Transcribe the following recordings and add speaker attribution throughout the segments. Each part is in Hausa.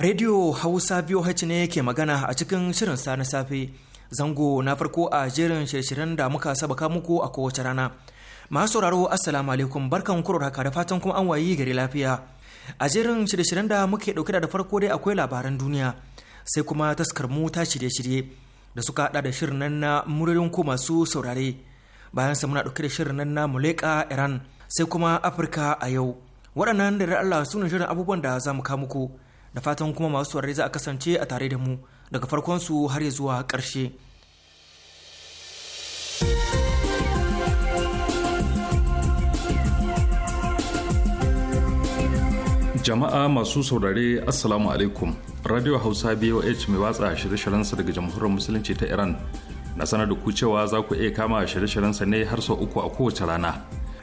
Speaker 1: Radio Hausa biyu VOH ne ke magana a cikin shirin sa na safe. Zango na farko a jerin shirye-shiryen da muka sabaka muku a kowace rana. Masu sauraro Assalamu alaikum barkan kurar haka da fatan kuma an wayi gari lafiya. A jerin shirye-shiryen da muke dauke da farko dai akwai labaran duniya sai kuma taskar mu ta shirye-shirye da suka hada da shirin nan na muririn ko masu saurare. Bayan sa muna dauke da shirin nan na Muleka Iran sai kuma Afirka a yau. Waɗannan da Allah su shirin abubuwan da za mu kawo muku. da fatan kuma masu saurare za a kasance a tare da mu daga farkon su har ya zuwa karshe.
Speaker 2: jama'a masu saurare assalamu alaikum radio hausa boh mai watsa shirye-shiryensa daga jamhuriyar musulunci ta iran na sanar da ku cewa za ku iya kama shirye-shiryensa ne har sau uku a kowace rana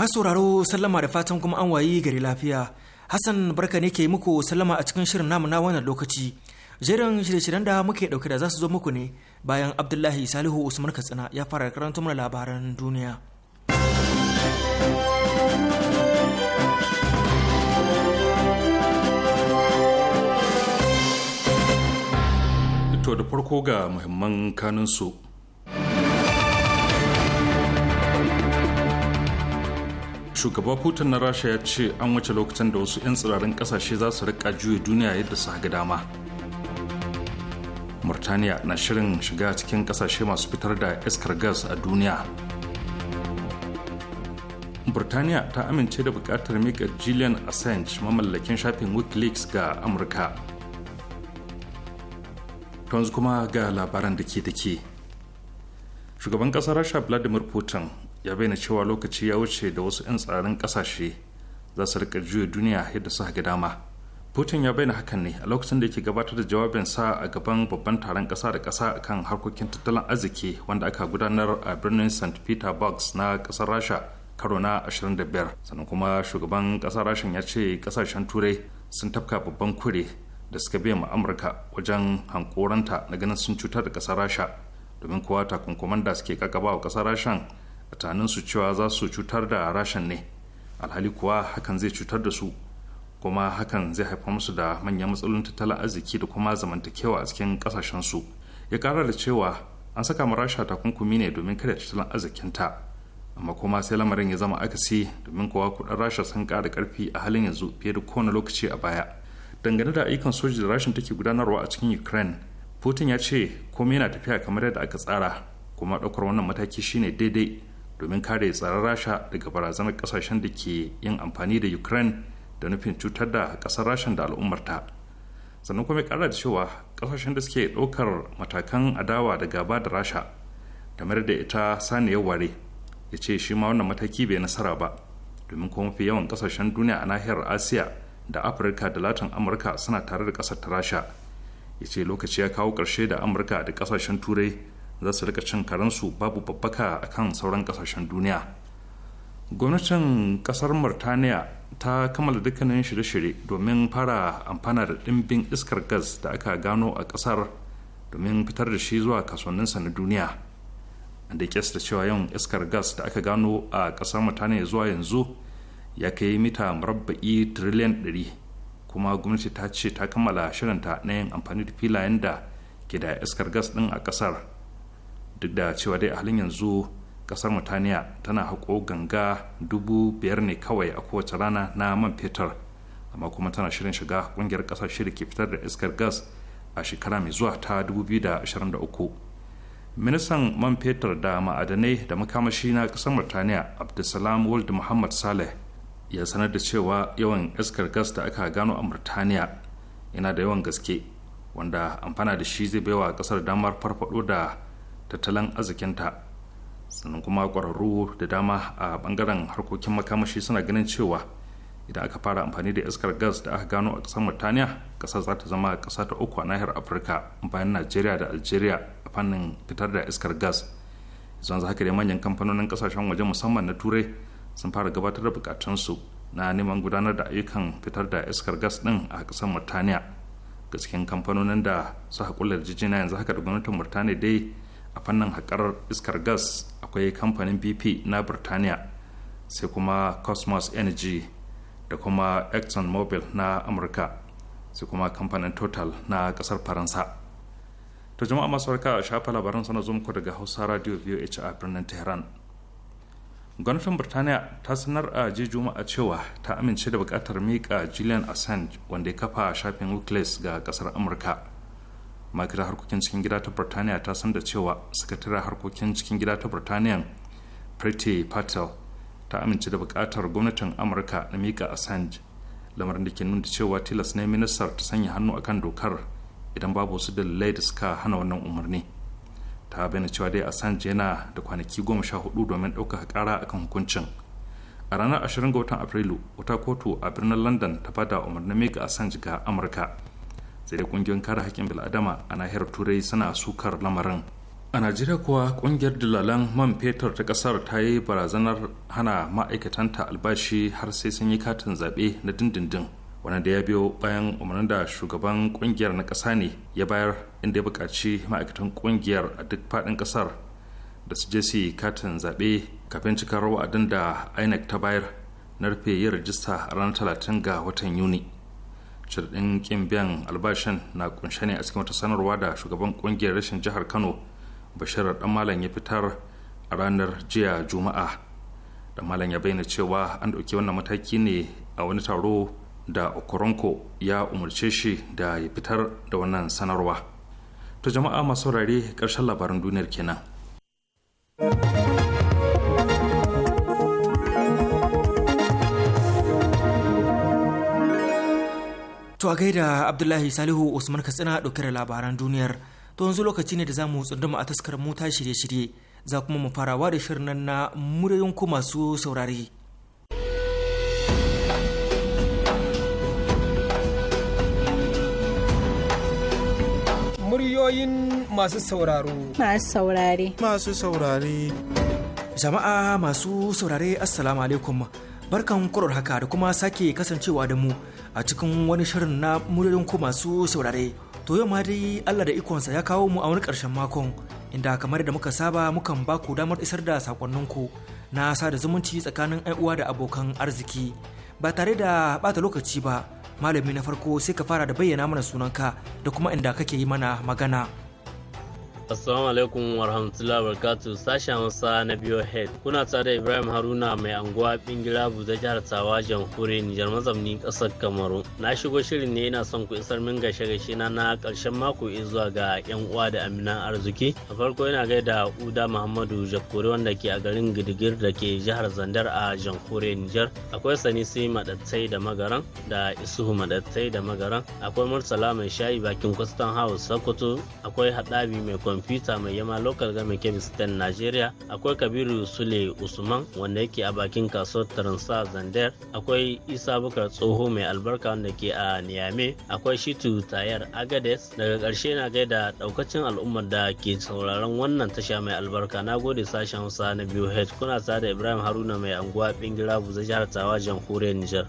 Speaker 1: masu sauraro sallama da fatan kuma an wayi gari lafiya hassan barka ne ke muku sallama a cikin shirin namu na wannan lokaci jerin shirye-shiryen da muke dauke da za su zo muku ne bayan abdullahi salihu usman katsina ya fara karanta mana labaran duniya
Speaker 2: to da farko ga muhimman kanunsu shugaba putin na rasha ya ce an wuce lokacin da wasu 'yan tsirarin kasashe za su rika juya duniya yadda su haga dama murtaniya na shirin shiga cikin kasashe masu fitar da iskar gas a duniya burtaniya ta amince da bukatar mika julian assange mamallakin shafin wikileaks ga amurka yanzu kuma ga labaran da ke da ke shugaban kasar rasha vladimir putin ya bayyana cewa lokaci ya wuce da wasu 'yan tsarin kasashe za su rika juya duniya yadda su ga dama putin ya bayyana hakan ne a lokacin da yake gabatar da jawabin sa a gaban babban taron kasa da kasa kan harkokin tattalin arziki wanda aka gudanar a birnin st peterburg na kasar rasha karo na 25 sannan kuma shugaban kasar rashin ya ce kasashen turai sun tafka babban kure da suka biya ma amurka wajen hankoranta na ganin sun cutar da kasar rasha domin kowa takunkuman da suke kakaba wa kasar rashin. a tunaninsu cewa za su cutar da rashin ne alhali kuwa hakan zai cutar da su kuma hakan zai haifa musu da manyan matsalolin tattalin arziki da kuma zamantakewa a cikin kasashen su ya kara da cewa an saka ma rasha takunkumi ne domin kada tattalin ta amma kuma sai lamarin ya zama akasi domin kuwa kudin rasha sun kara karfi a halin yanzu fiye da kowane lokaci a baya dangane da ayyukan soji da rashin take gudanarwa a cikin ukraine putin ya ce komai yana tafiya kamar yadda aka tsara kuma ɗaukar wannan mataki shine daidai domin kare tsaron rasha daga barazanar kasashen da ke yin amfani da ukraine da nufin cutar da kasar rasha da al'ummarta sannan kuma kara da cewa kasashen da suke ɗaukar matakan adawa da gaba da rasha da mayar da ita saniyar ware ya ce shi ma wannan mataki bai nasara ba domin kuma mafi yawan kasashen duniya a nahiyar asiya da afirka da latin amurka suna tare da kasar ta rasha ya ce lokaci ya kawo ƙarshe da amurka da kasashen turai za su rika cin karensu babu babbaka a kan sauran kasashen duniya gwamnatin kasar murtaniya ta kammala dukkanin shirye-shirye domin fara amfana da ɗimbin iskar gas da aka gano a ƙasar domin fitar da shi zuwa kasuwanninsa na duniya da da cewa yawan iskar gas da aka gano a ƙasar murtaniya zuwa yanzu ya kai mita murabba'i triliyan 100 kuma gwamnati ta ce ta kammala shirinta na yin amfani da filayen da ke da iskar gas ɗin a ƙasar duk da cewa dai a halin yanzu kasar mutaniya tana haƙo ganga dubu biyar ne kawai a kowace rana na man fetur amma kuma tana shirin shiga ƙungiyar ƙasar da ke fitar da iskar gas a shekara mai zuwa ta 2023 ministan man fetur da ma'adanai da makamashi na ƙasar murtaniya abdulsalam wald muhammad saleh ya sanar da cewa yawan iskar gas da aka gano a murtaniya yana da yawan gaske wanda amfana da shi zai baiwa ƙasar damar farfado da tattalin arzikinta sannan kuma ƙwararru da dama a ɓangaren harkokin makamashi suna ganin cewa idan aka fara amfani da iskar gas da aka gano a kasar murtaniya ƙasar za ta zama ƙasa ta uku a nahiyar afirka bayan najeriya da algeria a fannin fitar da iskar gas yanzu haka da manyan kamfanonin ƙasashen waje musamman na turai sun fara gabatar da bukatunsu na neman gudanar da ayyukan fitar da iskar gas din a ƙasar murtaniya gaskiyan kamfanonin da suka kula da jijina yanzu haka da gwamnatin murtaniya dai a fannin haƙar iskar gas akwai kamfanin bp na birtaniya sai kuma cosmos energy da kuma exxon mobil na amurka sai kuma kamfanin total na ƙasar faransa ta jama'a masu warka a shafa labaran sana zo daga hausa radio voh a birnin tehran gwamnatin birtaniya ta sanar a ji juma'a cewa ta amince da bukatar miƙa julian assange wanda ya kafa shafin wikileaks ga ƙasar amurka ma'aikatar harkokin cikin gida ta birtaniya ta san da cewa sakataren harkokin cikin gida ta birtaniya pretty patel ta amince da bukatar gwamnatin amurka na mika assange lamarin da ke nuna cewa tilas ne ministar ta sanya hannu akan dokar idan babu wasu dalilai da suka hana wannan umarni ta bayyana cewa dai assange yana da kwanaki goma sha hudu domin ɗaukaka kara akan hukuncin a ranar 20 ga watan afrilu wata kotu a birnin london ta fada umarnin mika assange ga amurka sai dai kungiyar kare haƙƙin bil'adama a nahiyar turai suna sukar lamarin a najeriya kuwa kungiyar dilalan man fetur ta kasar ta yi barazanar hana ma'aikatanta albashi har sai sun yi katin zaɓe na dindindin wanda da ya biyo bayan umarnin da shugaban kungiyar na ƙasa ne ya bayar inda ya buƙaci ma'aikatan kungiyar a duk faɗin ƙasar da su je su katin zaɓe kafin cikar wa'adin da inec ta bayar na rufe yin rajista a ranar 30 ga watan yuni jirgin kin biyan albashin na kunshe ne a cikin wata sanarwa da shugaban kungiyar rashin jihar kano bashir dan malam ya fitar a ranar jiya juma'a dan malam ya bayyana cewa an ɗauki wannan mataki ne a wani taro da okoronko ya umarce shi da ya fitar da wannan sanarwa to jama'a masu saurare ƙarshen labaran duniyar kenan.
Speaker 1: To a gaida Abdullahi Salihu Usman Katsina ɗauke da labaran duniyar. To yanzu lokaci ne da za mu tsunduma a taskar mota shirye-shirye za kuma mu farawa da shirin na muryoyin ku masu saurare.
Speaker 3: Muryoyin masu sauraro. Masu saurare. Masu saurare. Jama'a masu
Speaker 1: saurare Assalamu alaikum. Barkan kurar haka da kuma sake kasancewa da mu a cikin wani shirin na muryoyin ku masu saurare to yau ma dai Allah da ikonsa ya kawo mu a wani ƙarshen makon inda kamar da muka saba mukan ba ku damar isar da ku na sada zumunci tsakanin uwa da abokan arziki ba tare da bata lokaci ba malami na farko sai ka fara da bayyana mana sunanka da kuma inda kake yi mana magana
Speaker 4: Assalamu alaikum wa rahmatullahi wa barakatuh sashen Hausa na biyo head kuna tare Ibrahim Haruna mai anguwa Bingila da jihar Tawa jamhuri Nijar mazamni kasar Kamaru na shigo shirin ne ina son ku isar min gashe gashe na na karshen mako zuwa ga yan uwa da amina arziki a farko ina gaida Uda Muhammadu Jakkore wanda ke a garin Gidigir da ke jihar Zandar a jamhuri Nijar akwai Sanisi Madattai da Magaran da Isuhu Madattai da Magaran akwai Murtala mai shayi bakin Kwastan House Sokoto akwai Hadabi mai kwamfuta mai yama local government kebbi state nigeria akwai kabiru sule usman wanda yake a bakin kasuwar taransa zander akwai isa bukar tsoho mai albarka wanda ke a niyame akwai shitu tayar agades daga karshe na gaida daukacin al'ummar da ke sauraron wannan tasha mai albarka na gode sashen hausa na biyu kuna tare da ibrahim haruna mai anguwa bingira Buzajar jihar tawa jamhuriyar nijar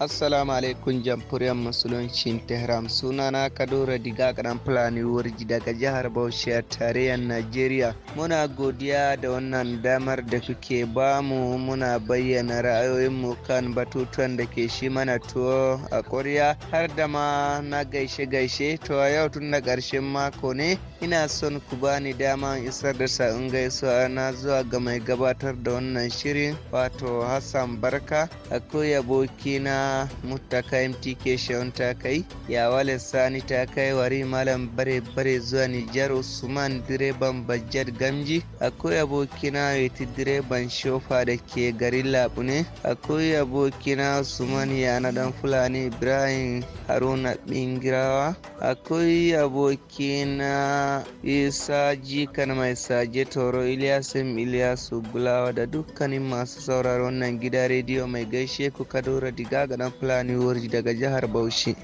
Speaker 4: assalamu alaikum musulunci
Speaker 5: musuluncin tehran na kadora diga karan fulani wurji daga jihar bauchi a tarayyar najeriya muna godiya da wannan damar da kuke bamu muna bayyana mu kan batutuwan da ke shi mana tuwo a koriya har da ma na gaishe-gaishe to a yau tun da ƙarshen mako ne ina son ku bani dama isar da sa'in gaisuwa na zuwa ga mai gabatar da wannan shirin wato hassan barka akwai abokina Haruna Muttaka MTK Shawun ta kai, Yawale Sani ta kai wari Malam Bare Bare zuwa Nijar Usman direban Bajjar Gamji, akwai abokina Yeti direban Shofa da ke garin Labune, akwai abokina Usman ya na Dan Fulani Ibrahim Haruna Bingirawa, akwai abokina Isa Jikan Mai Saje Toro Ilyasim Ilyasu Bulawa da dukkanin masu sauraron nan gida rediyo mai gaishe ku diga ga. ɗan Fulani wuri daga jihar Bauchi.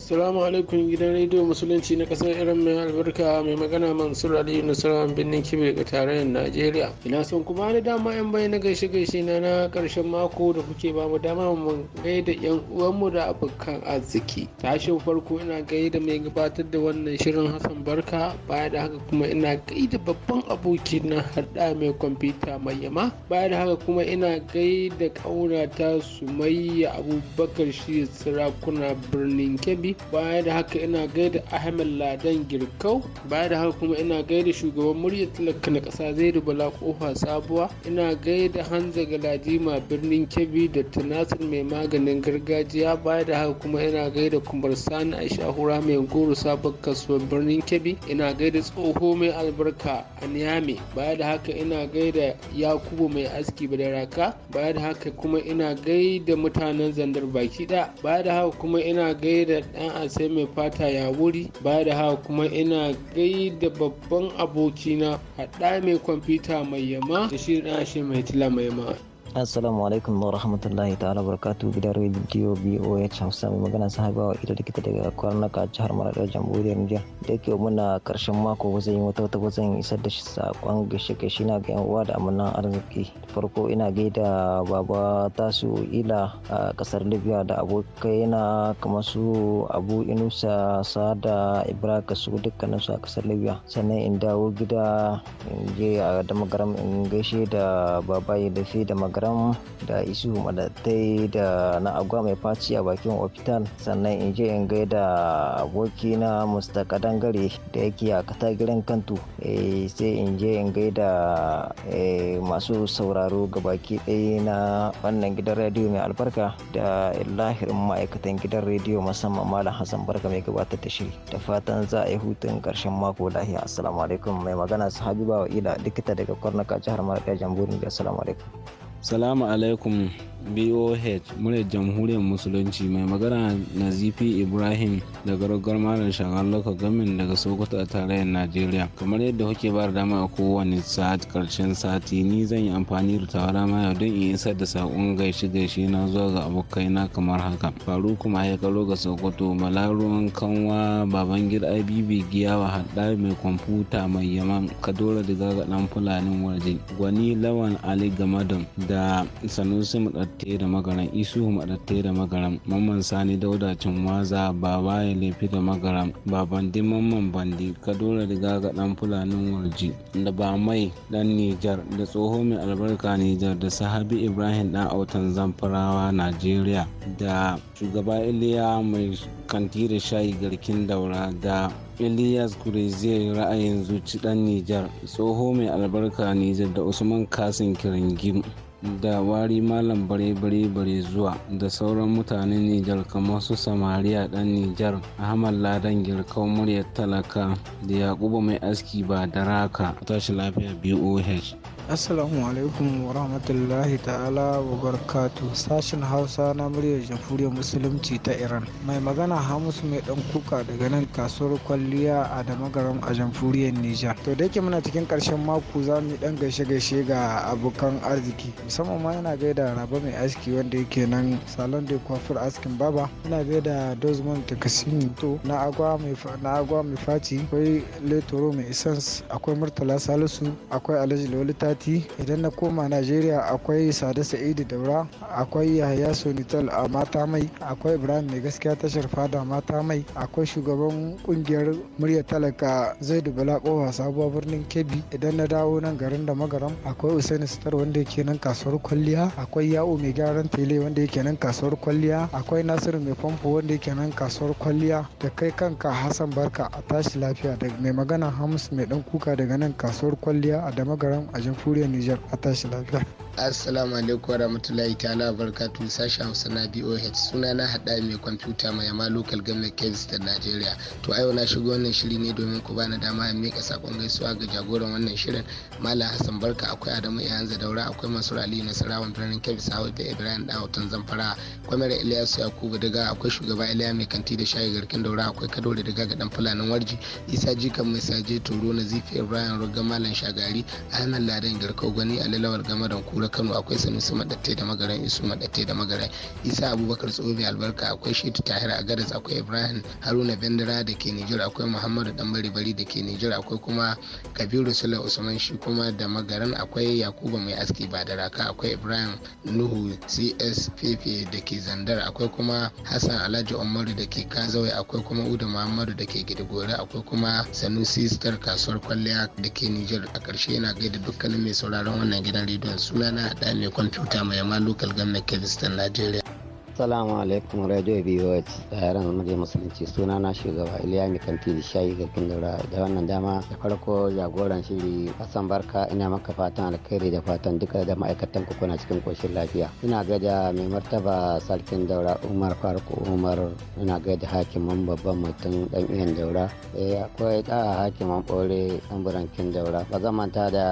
Speaker 3: Salamu alaikum gidan rediyo musulunci na kasar Iran mai albarka mai magana Mansur Aliyu Nasarawan birnin Kibe ga tarayyar Najeriya. Ina son kuma bani dama yan bayan na gaishe gaishe na na karshen mako da kuke ba mu dama mu gaida yan uwanmu da abokan arziki. Tashin farko ina gaida mai gabatar da wannan shirin Hassan Barka baya da haka kuma ina gaida babban aboki na hada mai kwamfuta mai yama baya da haka kuma ina gaida kaunata Sumayya Abubakar shi sarakuna birnin Kebbi Kebbi baya da haka ina gaida Ahmed Ladan Girkau baya da haka kuma ina gaida shugaban murya talaka na ƙasa Zaidu Bala Kofa Sabuwa ina gaida Hanza Galadima birnin Kebbi da Tunasir mai maganin gargajiya baya da haka kuma ina gaida Kumbar Sani Aisha Hura mai goro sabon kasuwar birnin Kebbi ina gaida tsoho mai albarka a Niyame baya da haka ina gaida Yakubu mai aski badaraka baya da haka kuma ina gaida mutanen zandar baki da baya da haka kuma ina gaida ɗan ase mai fata ya wuri baya da haka kuma ina gaida babban abokina haɗa mai kwamfuta mai yama da shi dan ashe mai tila mai yama
Speaker 6: assalamu alaikum wa rahmatullahi ta'ala barkatu gidan rediyo boh hausa mai magana sahaba wa ita likita daga kwarnaka jihar maradar jamhuriyar nijar da yake muna karshen mako ba zan yi wata wata zan isar da sakon gashe gashi na ga yan uwa da amana arziki farko ina gaida baba tasu ila a kasar libya da abokai na kamar su abu inusa sada ibraka su dukkanin su a kasar libya sannan in dawo gida in je a damagaram in gaishe da babaye da da magana magaram da isu madatai da na agwa mai faci a bakin ofital sannan in je in gaida abokina musta kadangare da yake a katagiren kantu eh, sai in je in gaida eh, masu sauraro gabaki ɗaya na wannan gidan rediyo mai albarka da lahirin ma'aikatan gidan rediyo musamman malam hassan barka mai gabatar da shiri da fatan za a yi hutun karshen mako lahiya assalamu alaikum mai magana su habiba wa ila likita daga kwarnaka jihar mara jamhuriyar assalamu alaikum
Speaker 7: salamu alaikum boh muryar jamhuriyar musulunci mai magana nazifi ibrahim daga rogar malam shagar local gamin daga sokoto a tarayyar najeriya kamar yadda kuke ba da dama a kowane sa'ad karshen sati ni zan yi amfani da tawara ma don in isar da saƙon gaishe gaishe na zuwa ga abokai na kamar haka faru kuma karo ga sokoto malaruwan kanwa baban gida abibi giyawa haɗa mai kwamfuta mai yaman kadora daga ga ɗan fulanin waje. gwani lawan ali gamadon da sanusi maɗatte da magaran isu maɗatte da magaran mamman sani daudacin waza baba ya lefi da magaran din mamman bandi kadora riga ga dan fulanin warji da ba mai dan nijar da tsoho mai albarka nijar da sahabi ibrahim dan autan zamfarawa najeriya da shugaba iliya mai kanti da shayi garkin daura da elias Kureziyar ra'ayin zuci dan Nijar, tsoho mai albarka Nijar da Usman Kasin Kiringim da wari malam bare bare bare zuwa da sauran mutanen Nijar kamar su samariya dan Nijar Ahmad Ladan Girkau muryar talaka da Yakubu mai aski ba da raka tashi lafiya BOH.
Speaker 8: Assalamu alaikum wa rahmatullahi ta'ala wa barakatu sashen Hausa na muryar jamhuriyar musulunci ta Iran. Mai magana Hamisu mai ɗan kuka daga nan kasuwar kwalliya a Damagaram a jamhuriyar Nijar. To da yake muna cikin karshen mako za mu dan gaishe gaishe ga abokan arziki. Musamman ma yana gaida Raba mai aski wanda yake nan salon da kwafur askin baba. Ina gaida Dozman Takasimi to na agwa mai na agwa mai faci akwai Letoro mai essence akwai Murtala Salisu akwai Alhaji Lolita Fati idan na koma Najeriya akwai Sada Sa'idu Daura akwai Yahaya Sonital a Mata Mai akwai Ibrahim Mai Gaskiya tashar Fada Mata Mai akwai shugaban kungiyar murya talaka Zaidu Bala Kowa sabuwar birnin Kebbi idan na dawo nan garin da magaram akwai Usaini Sitar wanda yake nan kasuwar kwalliya akwai Ya'u Mai gyaran tele wanda yake nan kasuwar kwalliya akwai Nasiru Mai famfo wanda yake nan kasuwar kwalliya da kai kanka Hassan Barka a tashi lafiya da mai magana Hamus Mai dan kuka daga nan kasuwar kwalliya a Damagaram a jamfu jamhuriyar Nijar a tashi lafiya.
Speaker 9: Assalamu alaikum warahmatullahi ta'ala barkatu sashen Hausa na BOH suna na hada mai kwamfuta mai yama local government Kebbi da Najeriya. To ayo na shiga wannan shiri ne domin ku bani dama a mika sakon gaisuwa ga jagoran wannan shirin Malam Hassan Barka akwai Adamu Iyanza Daura akwai rali Ali Nasarawan birnin Kebbi hau da Ibrahim Dawotan Zamfara akwai Mara Ilyasu Yakubu daga akwai shugaba Iliya mai kanti da shayi garkin Daura akwai Kadore daga ga dan Fulanin Warji Isa Jikan Mai Saje Toro Nazifi Ibrahim Rugga Malam Shagari Ahmed Ladan magarin garkau gani game da kura kano akwai sanusi madatte da magaran isu madatte da magaran isa abubakar tsobe albarka akwai shitu tahir a gadas akwai ibrahim haruna bendera da ke nijar akwai muhammadu dan bari da ke nijar akwai kuma kabiru sula usman shi kuma da magaran akwai yakuba mai aski ba da raka akwai ibrahim nuhu cs fefe da ke zandar akwai kuma hassan alhaji umaru da ke kazawai akwai kuma uda muhammadu da ke gidigore akwai kuma sanusi star kasuwar kwalliya da ke nijar a ƙarshe yana gaida dukkanin mai sauraron wannan gidan rediyon suna na haɗa mai kwamfuta mai yamma local government kevistan nigeria
Speaker 10: Assalamu alaikum Radio BOH tsayaran murje musulunci suna na shugaba Iliya kanti da shayi ga Kindura da wannan dama da farko jagoran shiri Hassan Barka ina maka fatan alkhairi da fatan duka da ma'aikatan ku kuna cikin koshin lafiya. Ina gaida mai martaba sarkin daura Umar Faruk Umar ina gaida hakiman babban mutum dan iyan daura. Eh akwai da hakiman bore dan burankin daura. Ba zan manta da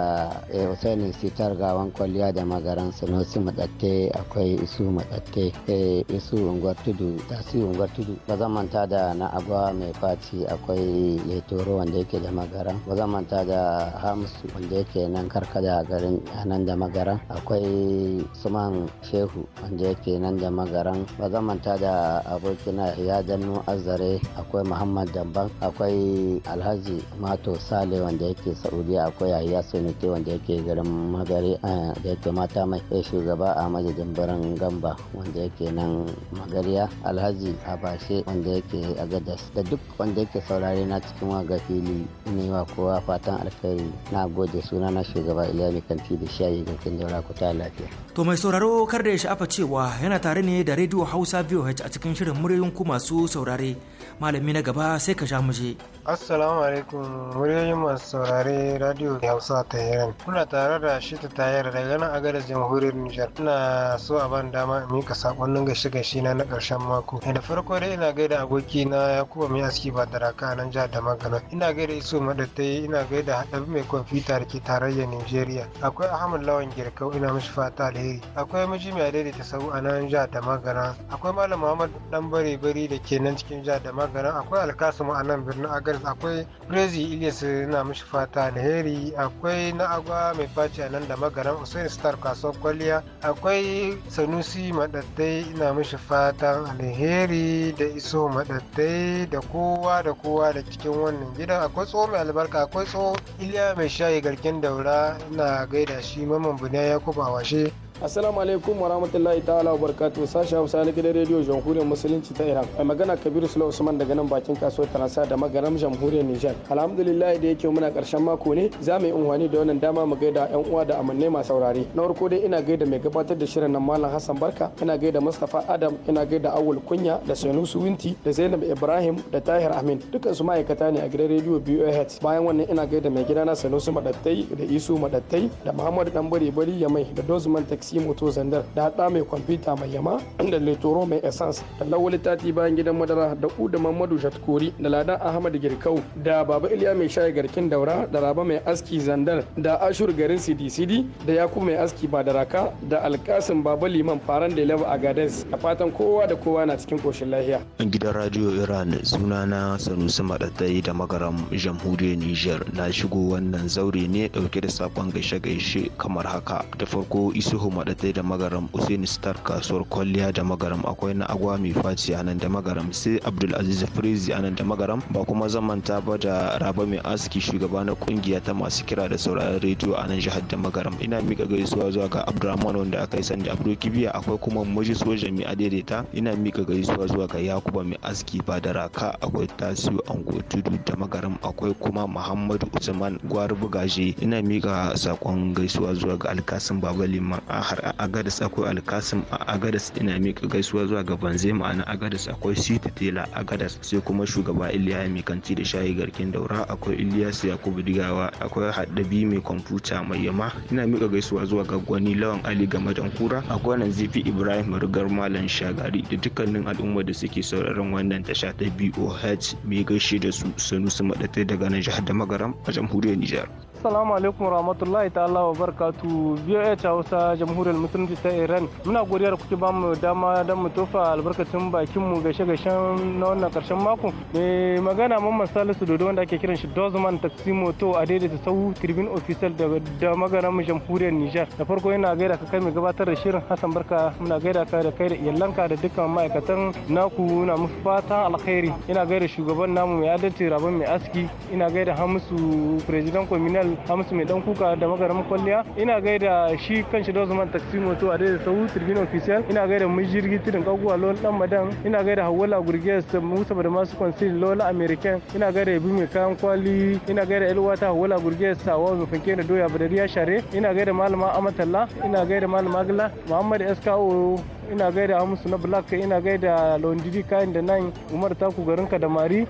Speaker 10: eh, Hussein Sitar gawan kwalliya da magaran Sanusi Matsatte akwai Isu Matsatte. Eh isu unguwar tudu tasiri unguwar tudu ba zan manta da na agwa mai fati akwai letoro wanda yake da magara ba zan manta da hamsu wanda yake nan karkada garin nan da magara akwai suman shehu wanda yake nan da magaran ba zan manta da abokina ya dannu azare akwai muhammad damban akwai alhaji mato sale wanda yake saudiya akwai yahiya sonoke wanda yake garin magare eh, da yake mata mai eh, shugaba ahmadu dimbaran gamba wanda yake nan magarya alhaji abashe wanda yake agadas da duk wanda yake saurare na cikin waga fili ne wa kowa fatan alkhairi na gode suna na shugaba iliya mai kanti da shayi gankin daura ku ta lafiya.
Speaker 1: to mai sauraro kar da ya sha'afa cewa yana tare ne da rediyo hausa voh a cikin shirin muryoyin ku masu saurare malami na gaba sai ka sha muje.
Speaker 11: assalamu alaikum muryoyin masu saurare radio hausa ta yaran kuna tare da shi ta tayar daga nan a gadas jamhuriyar nijar ina so a ban dama in mika sakonnin gaishe-gaishe na na ƙarshen mako. Eh, da farko dai ina gaida aboki na Yakubu mai aski ba da raka nan jihar da magana. Ina gaida Isu Madattai, ina gaida Haɗabi mai kwamfuta da ke tarayyar Nijeriya. Akwai Ahmad Lawan Girkau ina mishi fata alheri. Akwai miji mai daidaita sau a nan jihar da magana. Akwai Malam Muhammad Dan Bare Bari da ke nan cikin jihar da magana. Akwai Alkasumu a nan birnin Agadez. Akwai Prezi Ilyas ina mishi fata alheri. Akwai agwa mai faci a nan da magaran Usain Star kasuwar kwalliya. Akwai Sanusi Madattai ina mishi fatan alheri da iso madadai da kowa da kowa da cikin wannan gidan akwai tso mai albarka akwai tso
Speaker 12: iliya mai shayi garken daura ina gaida shi maman buniya ya kuba washe Assalamu alaikum wa rahmatullahi ta'ala wa barakatuh sashi Hausa na gidan rediyo Jamhuriyar Musulunci ta Iran. Mai magana Kabiru Sula Usman daga nan bakin kasuwar tarasa da magaram Jamhuriyar Nijar. Alhamdulillah da yake muna karshen mako ne za mu yi unhwani da wannan dama mu gaida yan uwa da amanne masu saurare. Na farko dai ina gaida mai gabatar da shirin nan Malam Hassan Barka, ina gaida Mustapha Adam, ina gaida Awul Kunya da Sanusi Winti da Zainab Ibrahim da Tahir Amin. Dukkan su ma'aikata ne a gidan rediyo BOH. Bayan wannan ina gaida mai gidana Sanusi Madattai da Isu Madattai da Muhammad Dambari Bari mai da Dozman Taxi simoto zandar da haɗa mai kwamfuta mai yama da letoro mai essence da lawal tati bayan gidan madara da uda mamadu shatkori da ladan ahmad girkau da baba iliya mai shaye garkin daura da raba mai aski zandar da ashur garin cdcd da yakubu mai aski badaraka da alkasim baba liman faran da a gadas a fatan kowa da kowa na cikin koshin lahiya
Speaker 13: gidan radio iran na sanusi madadai da magaram jamhuriyar niger na shigo wannan zaure ne dauke da sakon gaishe-gaishe kamar haka da farko isuhu maɗatai da magaram usaini star kasuwar kwalliya da magaram akwai na agwa mai faci a nan da magaram sai abdulaziz firizi a nan da magaram ba kuma zamanta ba da raba mai aski shugaba na kungiya ta masu kira da sauraron rediyo a nan jihar da magaram ina mika gaisuwa zuwa ga abdulrahman wanda aka yi sanda abdul kibiya akwai kuma muji soja mai adaidaita ina mika gaisuwa zuwa ga yakuba mai aski ba da raka akwai tasiu ango tudu da magaram akwai kuma muhammadu usman gwari gaje ina mika sakon gaisuwa zuwa ga alkasin baba a har a agadis akwai alkasim a agadis ina miƙa gaisuwa zuwa ga banze ma'ana agadis akwai siti tela agadis sai kuma shugaba iliya mai kanti da shayi garkin daura akwai ilyas yakubu digawa akwai haddabi mai kwamfuta mai yama ina miƙa gaisuwa zuwa ga gwani lawan ali game da kura akwai nan zifi ibrahim rigar malam shagari da dukkanin al'ummar da suke sauraron wannan tasha ta boh mai gaishe da su sanusi madatai daga nan jihar da magaram a jamhuriyar nijar
Speaker 14: Assalamu alaikum rahmatullahi ta'ala wa barakatu ta Hausa Jamhuriyar Musulunci ta Iran. Muna godiya da kuke ba mu dama don mu tofa albarkacin bakin mu gashe gashen na wannan karshen mako. Mai magana Mamman Salisu Dodo wanda ake kiran shi Dozman Taksimo to a ta sau Tribune Official da magana mu Jamhuriyar Nijar. Da farko ina gaida ka kai mai gabatar da shirin Hassan Barka muna gaida ka da kai da iyalanka da dukkan ma'aikatan naku na musu fatan alkhairi. Ina gaida shugaban namu mai adalci Rabon mai aski. Ina gaida Hamisu President Communal Usman Hamisu mai dan kuka da magaram kwalliya ina gaida shi kanshi da zaman taksi moto a daidai sau tribune official ina gaida mijirgi tudun kaguwa lol dan madan ina gaida Hawala Gurges Musa da masu consil Lola American ina gaida Ibu mai kayan kwali ina gaida elwa ta Hawala Gurges Sawa mai fanke da doya da riya Share ina gaida malama Amatalla ina gaida malama Gila Muhammad SKO ina gaida Hamisu na Black ina gaida Londidi kayan da nan Umar Taku garinka da Mari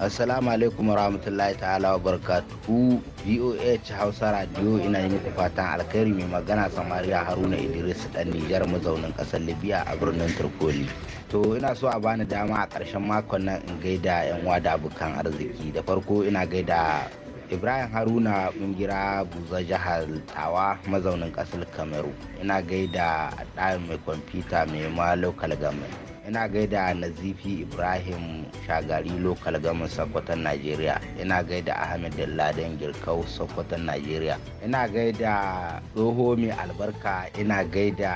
Speaker 14: Assalamu alaikum warahmatullahi ta'ala wa barakatuhu
Speaker 15: voh hausa radio ina yi muku fatan alkhairi mai magana samariya haruna idris dan nijar mazaunin kasar libya a birnin turkoli to ina so a bani dama a ƙarshen makon nan in gaida yan wada da abokan arziki da farko ina gaida ibrahim haruna kungira buza jihar tawa mazaunin kasar kameru ina gaida ɗayan mai kwamfuta mai ma local government ina gaida nazifi ibrahim shagari lokal gamin sokoton najeriya ina gaida ahmed ladan girkau sokoton najeriya ina gaida tsoho mai albarka ina gaida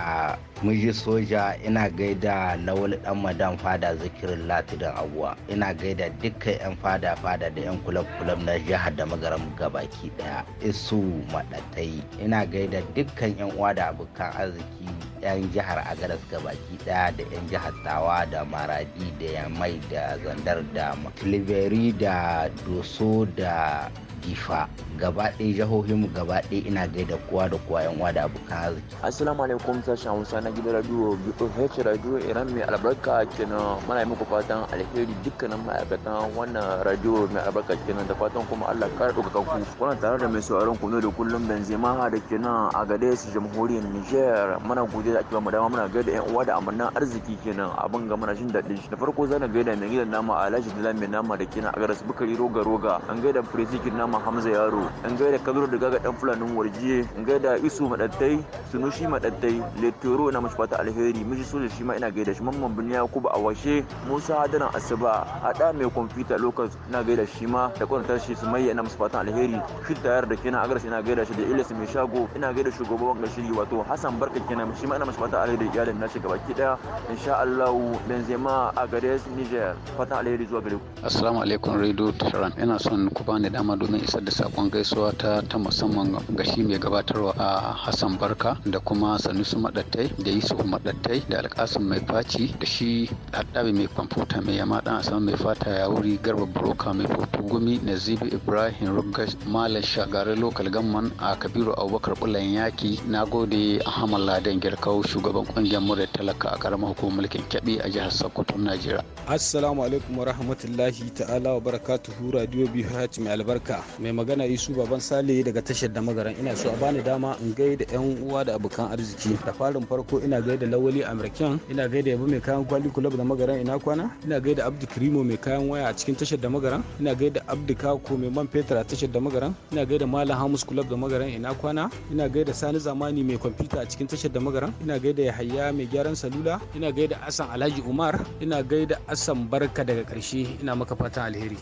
Speaker 15: miji soja ina gaida lawal dan madan fada zikirin latidan abuwa ina gaida dukkan yan fada fada da yan kulab kulab na jihar da magaram gabaki daya isu madatai ina gaida dukkan yan uwa da abokan arziki 'yan jihar agadas gabaki daya da 'yan jihar tawa da maradi da yamai da zandar da tilibiri da doso da difa gaba ɗaya mu gaba ɗaya ina gaida kowa da kowa yan da abokan arziki assalamu alaikum sashen
Speaker 1: hausa na gidan radio bih radio iran mai albarka kenan muna muku fatan alheri dukkanin ma'aikatan wannan radio mai albarka kenan da fatan kuma allah kara ɗaukaka ku kuna tare da mai sauraron ku da kullum benzema da kenan a gade su jamhuriyar niger muna gode da ake mu dama muna gaida yan uwa da amannan arziki kenan abin ga muna jin daɗin shi da farko zan gaida mai gidan nama alhaji dila mai nama da kenan a garas bukari roga roga an gaida firisikin nama Muhammad Hamza Yaro in gaida Kabiru da gaga dan Fulanin Warjiye in gaida Isu Madattai Sunushi Madattai Letoro na mashi fata alheri miji soja shi ma ina gaida shi Mamman Buniya a Awashe Musa Hadaran Asuba da mai kwamfuta Locust ina gaida shi ma da kwantar shi mai ina mashi fata alheri shi yar da kina agarsa ina gaida shi da Ilyas mai shago ina gaida shugaban gashiri wato Hassan Barka kenan shi ma ina mashi fata alheri da iyalin nashi gabaki daya insha Allah Benzema Agades Niger fata alheri zuwa gare ku
Speaker 9: Assalamu alaikum Radio Tehran ina son ku bani dama domin isar da sakon gaisuwa ta ta musamman ga shi mai gabatarwa a Hassan Barka da kuma sanusu Madattai da Yusuf Madattai da alkasun Mai Faci da shi Haddabi Mai Kwamfuta Mai Yama Dan Asan Mai Fata ya wuri Garba Buroka Mai Fotu Gumi Nazibi Ibrahim Rugash Malam shagarin Lokal Gamman a Kabiru Abubakar bulayen Yaki gode Ahmad ladan Girkau shugaban kungiyar murar talaka a karamar hukumar mulkin Kebbi a jihar Sokoto Najeriya.
Speaker 14: assalamu
Speaker 3: alaikum wa rahmatullahi ta'ala wa barakatuhu radio biyu mai albarka mai magana isu baban sale daga tashar da magaran ina so a bani dama in gaida yan uwa da abokan arziki da farin farko ina gaida lawali amurkan ina gaida yabo mai kayan kwali kulab da magaran ina kwana ina gaida abdu krimo mai kayan waya a cikin tashar da magaran ina gaida abdu kako mai man fetur a tashar da magaran ina gaida malam hamus kulab da magaran ina kwana ina gaida sani zamani mai kwamfuta a cikin tashar da magaran ina gaida yahaya mai gyaran salula ina gaida asan alhaji umar ina gaida Hassan barka daga ƙarshe ina maka fata alheri.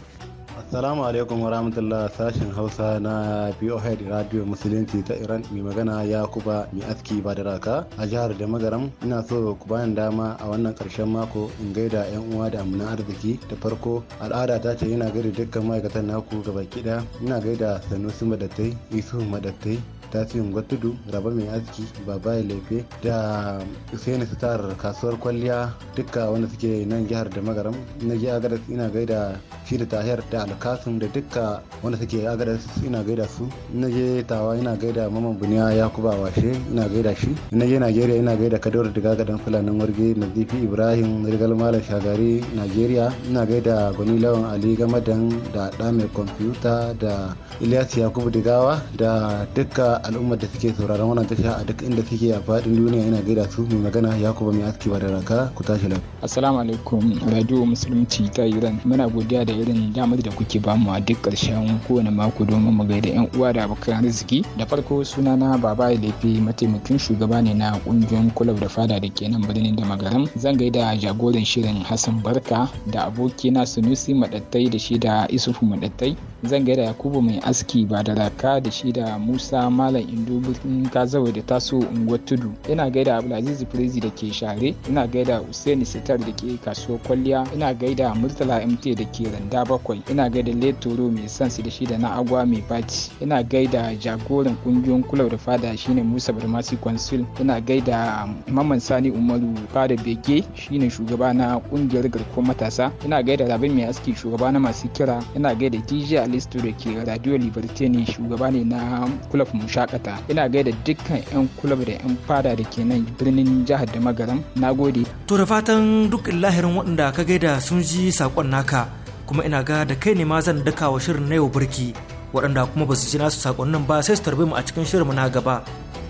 Speaker 16: Assalamu alaikum warahmatullah sashen Hausa na BOHead Radio Musulunci ta Iran mai magana ya kuba mai aski ba da raka a jihar da magaram ina so ku bayan dama a wannan karshen mako in gaida yan uwa da amina arziki da farko al'ada ta ce yana gaida dukkan ma'aikatan naku gaba kiɗa ina gaida Sanusi Madattai Isu Madattai tasirin gwatudu raba mai aski baba lefe da usaini sitar kasuwar kwalliya duka wanda suke nan jihar da magaram na ji agadas ina gaida shi da tahir da alkasun da duka wanda suke agadas ina gaida su na je tawa ina gaida maman buniya yakuba washe ina gaida shi na je nigeria ina gaida kador diga gadan fulanin warge nazifi ibrahim rigal malam shagari nigeria ina gaida gwani lawan ali gamadan da da mai kwamfuta da ilyas yakubu digawa da duka. al'ummar da suke sauraron wannan tasha a duk inda suke a fadin duniya yana gaida su mai magana yakuba mai aski da raka ku tashi lafi assalamu alaikum radio musulunci
Speaker 17: ta iran muna godiya da irin damar da kuke bamu a duk karshen kowane mako domin mu gaida yan uwa da abokan arziki da farko suna na baba ilefe mataimakin shugaba ne na ƙungiyar kulab da fada da ke nan birnin da magaram zan gaida jagoran shirin hassan barka da abokina sunusi madattai da shi da isufu madattai zan gaida yakubu mai aski ba da raka da shi da musa ma malam indo birnin kazawa da taso unguwar tudu ina gaida abdulaziz firizi da ke share ina gaida hussein sitar da ke kasuwar kwalliya ina gaida murtala mt da ke randa bakwai ina gaida letoro mai sans da shi da na agwa mai baci ina gaida jagoran kungiyoyin kulau da fada shine musa barmasi consul ina gaida maman sani umaru fada bege shine shugaba na kungiyar garkuwar matasa ina gaida rabin mai aski shugaba na masu kira ina gaida dj alistu da ke radio libertini shugaba ne na kulaf musha shakata ina gaida dukkan 'yan kulab da 'yan fada da ke nan birnin jihar da magaram na gode
Speaker 1: to da fatan duk lahirin waɗanda ka gaida sun ji saƙon naka kuma ina ga da kai ne ma zan daka wa shirin na yau birki waɗanda kuma ba su ji nasu saƙonnin ba sai su tarbe mu a cikin shirin na gaba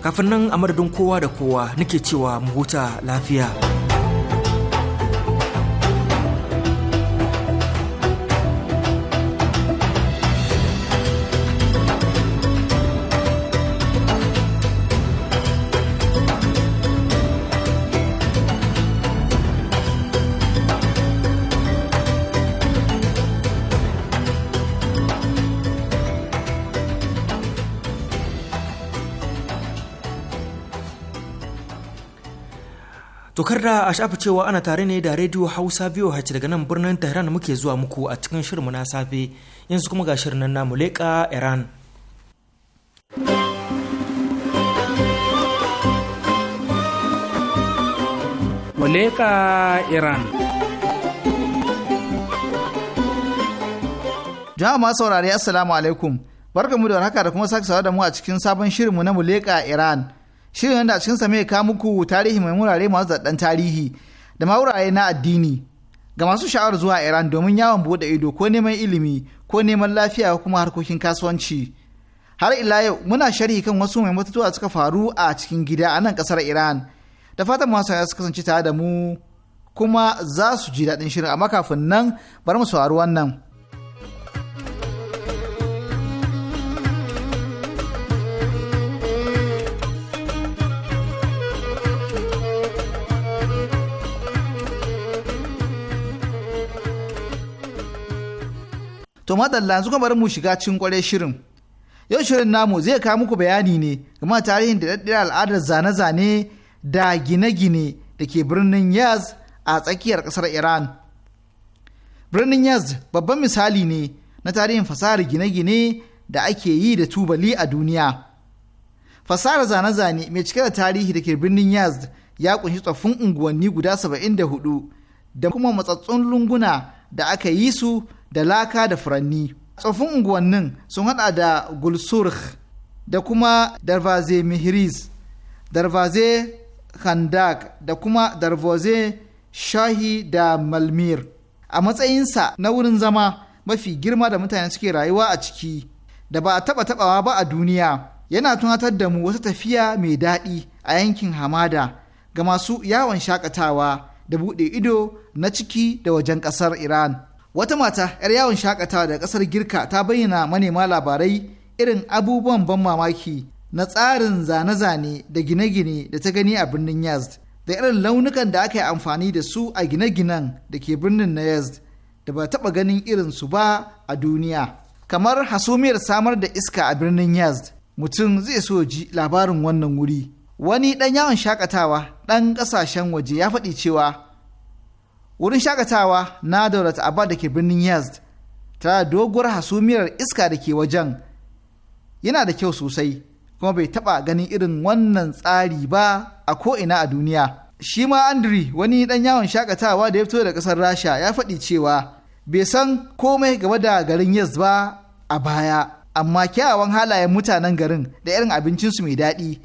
Speaker 1: kafin nan a madadin kowa da kowa nake cewa mu huta lafiya. To da a shafa cewa ana tare ne da Radio Hausa VOH daga nan birnin Tehran muke zuwa muku a cikin shirinmu na safe yanzu kuma ga shirin nan namu leƙa Iran.
Speaker 18: Muleka Iran Jama'a masu saurari Assalamu alaikum. Barkamu da haka da kuma sake sawa da mu a cikin sabon shirinmu na Muleka Iran. shirin yadda a cikin same ka muku tarihi mai murare masu zaɗan tarihi da wurare na addini ga masu sha'awar zuwa Iran domin yawon bude ido ko neman ilimi ko neman lafiya ko kuma harkokin kasuwanci. Har ila yau muna sharhi kan wasu mai matutuwa suka faru a cikin gida a nan kasar Iran. Da fatan masu su kasance tare da mu kuma za su ji daɗin shirin amma kafin nan bar mu saurari wannan. To madalla yanzu bari mu shiga cikin kware shirin. Yau shirin namu zai kawo muku bayani ne game tarihin da daddare al'adar zane-zane da gine-gine da ke birnin Yaz a tsakiyar ƙasar Iran. Birnin Yaz babban misali ne na tarihin fasahar gine-gine da ake yi da tubali a duniya. Fasahar zane-zane mai cike da tarihi da ke birnin Yaz ya kunshi tsoffin unguwanni guda 74 da kuma matsatsun lunguna da aka yi su da laka da furanni tsofin unguwannin sun hada da gulsurh da kuma darvaze mihriz darvaze khandak da kuma darvaze shahi da malmir a matsayinsa na wurin zama mafi girma da mutane suke rayuwa a ciki da ba a taba tabawa ba a duniya yana tunatar da mu wata tafiya mai daɗi a yankin hamada ga masu yawon shakatawa da buɗe ido na ciki da wajen ƙasar iran wata mata 'yar yawon shakatawa da kasar girka ta bayyana manema labarai irin abubuwan ban mamaki na tsarin zane-zane da gine-gine da ta gani a birnin yazd da irin launukan da aka yi amfani da su a gine-ginen da ke birnin na yazd da ba taɓa ganin irin su ba a duniya kamar hasumiyar samar da iska a birnin yazd mutum zai so ji labarin wannan wuri wani ɗan yawon shakatawa ɗan ƙasashen waje ya faɗi cewa wurin shakatawa na daular abad da ke birnin yazd tare da doguwar hasumiyar iska da ke wajen yana da kyau sosai kuma bai taba ganin irin wannan tsari ba a ko'ina a duniya shi ma andri wani dan yawon shakatawa da ya fito da kasar rasha ya faɗi cewa bai san komai game da garin yazd ba a baya amma kyawawan halayen mutanen garin da irin abincinsu mai daɗi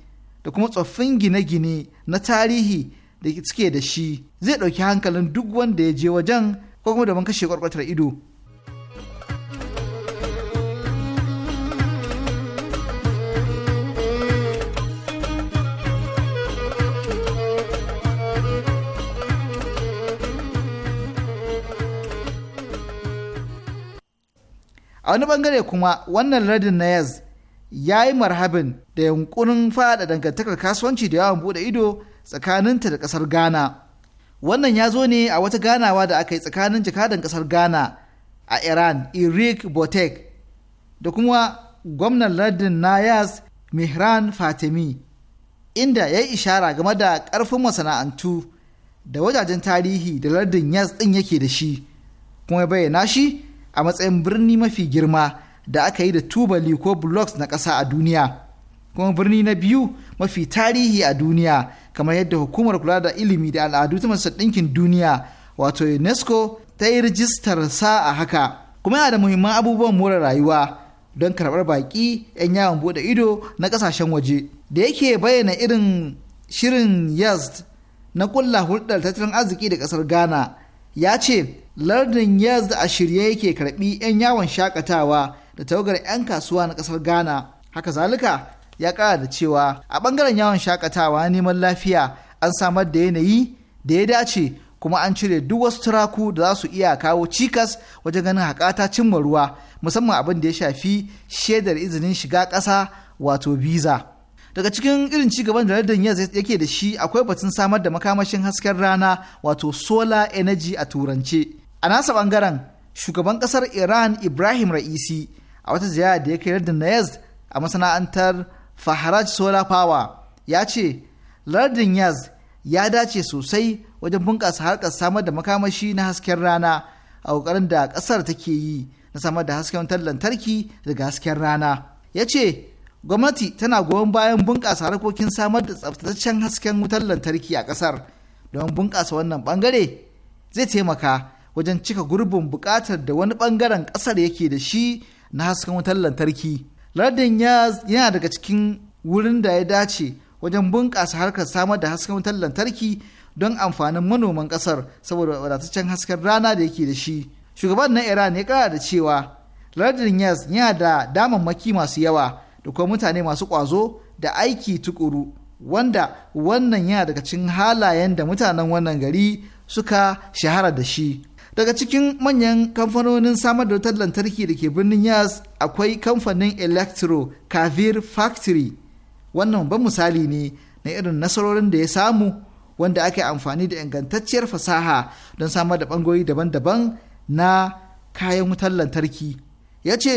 Speaker 18: da kuma tsoffin gine-gine na tarihi da suke da shi zai ɗauki hankalin duk wanda ya je wajen ko kuma domin kashe ƙwarƙwatar ido a wani bangare kuma wannan lardin na yaz ya yi marhabin da yankunan fada dangantakar kasuwanci da yawon bude ido tsakaninta da ƙasar ghana wannan ya zo ne a wata ganawa da aka yi tsakanin jakadan ƙasar ghana a iran eric botek da kuma gwamnan lardin nayas mihran fatemi inda ya yi ishara game da ƙarfin masana'antu da wajajen tarihi da lardin yas ɗin yake da shi kuma ya bayyana shi a matsayin birni mafi girma da aka yi da tubali ko blocks na ƙasa a duniya kuma birni na biyu mafi tarihi a duniya kamar yadda hukumar kula da ilimi da al'adu ta masar ɗinkin duniya wato unesco ta yi rijistar sa a haka kuma yana da muhimman abubuwan more rayuwa don karɓar baƙi 'yan yawon buɗe ido na ƙasashen waje da yake bayyana irin shirin yazd na ƙulla hulɗar tattalin arziki da ƙasar ghana ya ce lardin yazd a shirye yake karɓi 'yan yawon shakatawa da tawagar 'yan kasuwa na ƙasar ghana haka zalika ya kara da cewa a bangaren yawon shakatawa neman lafiya an samar da yanayi da ya dace kuma an cire duk wasu turaku da za su iya kawo cikas wajen ganin hakata cimma ruwa musamman abin da ya shafi shaidar izinin shiga ƙasa wato visa daga cikin irin ci gaban da lardin yake da shi akwai batun samar da makamashin hasken rana wato solar energy a turance a nasa bangaren shugaban kasar iran ibrahim ra'isi a wata ziyara da ya kai lardin na a masana'antar faharaj solar power ya ce lardin yaz ya dace sosai wajen bunƙasa harkar samar da makamashi na hasken rana a ƙoƙarin da ƙasar take yi na samar da hasken wutar lantarki daga hasken rana ya ce gwamnati tana goyon bayan bunƙasa harkokin samar da tsaftataccen hasken wutar lantarki a ƙasar don bunƙasa wannan ɓangare zai taimaka wajen cika gurbin buƙatar da wani ɓangaren ƙasar yake da shi na hasken wutar lantarki. lardin yana daga cikin wurin da ya dace wajen bunƙasa harkar samar da hasken wutar lantarki don amfanin manoman ƙasar saboda wadataccen hasken rana da yake da shi shugaban na iran ya kara da cewa lardin yas yana da damammaki masu yawa da kuma mutane masu ƙwazo da aiki tuƙuru wanda wannan yana daga cikin halayen da mutanen wannan gari suka shahara da shi daga cikin manyan kamfanonin samar da wutar lantarki da ke birnin yas akwai kamfanin electro kavir factory wannan ban misali ne na irin nasarorin da ya samu wanda ake amfani da ingantacciyar fasaha don samar da bangoyi daban-daban na kayan wutar lantarki ya ce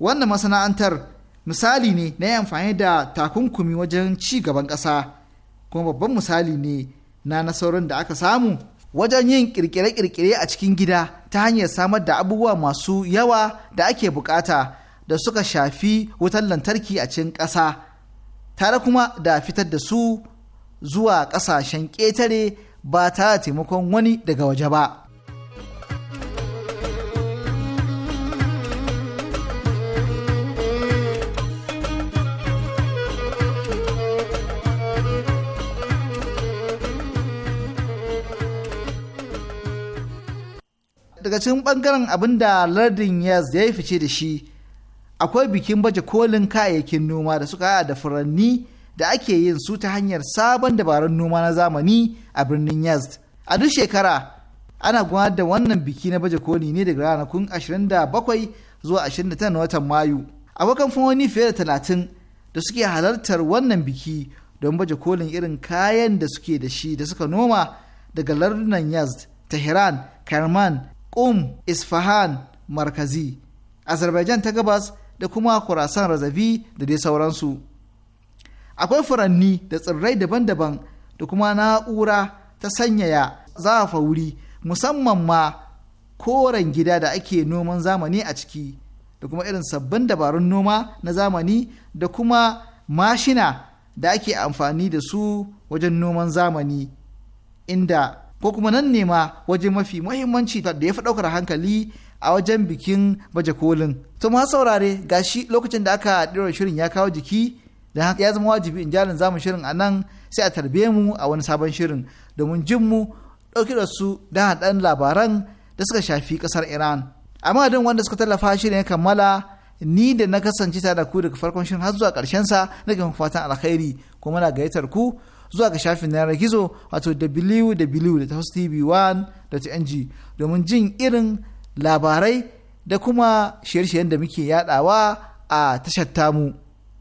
Speaker 18: wannan masana'antar misali ne na amfani da takunkumi wajen ci gaban ƙasa kuma babban misali ne na nasarorin da aka samu wajen yin kirkire-kirkire a cikin gida ta hanyar samar da abubuwa masu yawa da ake bukata da suka shafi wutar lantarki a cikin ƙasa tare kuma da fitar da su zuwa ƙasashen ƙetare ba tare da taimakon wani daga waje ba. daga cikin bangaren abin da lardin yaz ya yi fice da shi akwai bikin baje kolin kayayyakin noma da suka haɗa da furanni da ake yin su ta hanyar sabon dabarun noma na zamani a birnin yaz a duk shekara ana gudanar da wannan biki na baje koli ne daga ranakun 27 zuwa 29 na watan mayu akwai kamfanoni fiye da talatin da suke halartar wannan biki don baje kolin irin kayan da suke da shi da suka noma daga lardunan yazd tehran kerman ƙum isfahan markazi azerbaijan ta gabas da kuma kurasan Razabi da dai sauransu akwai furanni da tsirrai daban-daban da kuma na'ura ta sanyaya zafa wuri musamman ma koren gida da ake noman zamani a ciki da kuma irin sabbin dabarun noma na zamani da kuma mashina da ake amfani da su wajen noman zamani inda ko kuma nan ne ma waje mafi muhimmanci da ya fi ɗaukar hankali a wajen bikin baje kolin. To ma saurare ga shi lokacin da aka ɗora shirin ya kawo jiki da ya zama wajibi in jalin zamu shirin a nan sai a tarbe mu a wani sabon shirin domin jin mu ɗauki da su da haɗan labaran da suka shafi ƙasar Iran. Amma don wanda suka tallafa shirin ya kammala ni da na kasance tare da ku daga farkon shirin har zuwa ƙarshen sa nake fatan alkhairi kuma na gayyatar ku zuwa ga shafin yanar gizo wato www.tv1.ng domin jin irin labarai da kuma shirye-shiryen da muke yadawa a tashar tamu.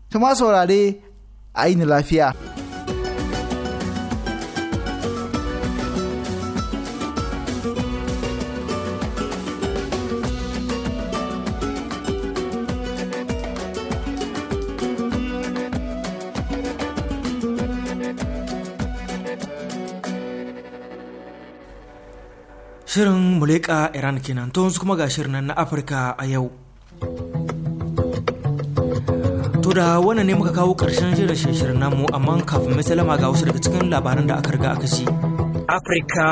Speaker 18: tama saurare a yi lafiya.
Speaker 1: Shirin Muleka Iran kenan to kuma ga shirin na Afirka a yau. To da wannan ne muka kawo ƙarshen shirin shirin namu amma kafin misalama ga wasu daga cikin labaran da aka riga aka ci. Afirka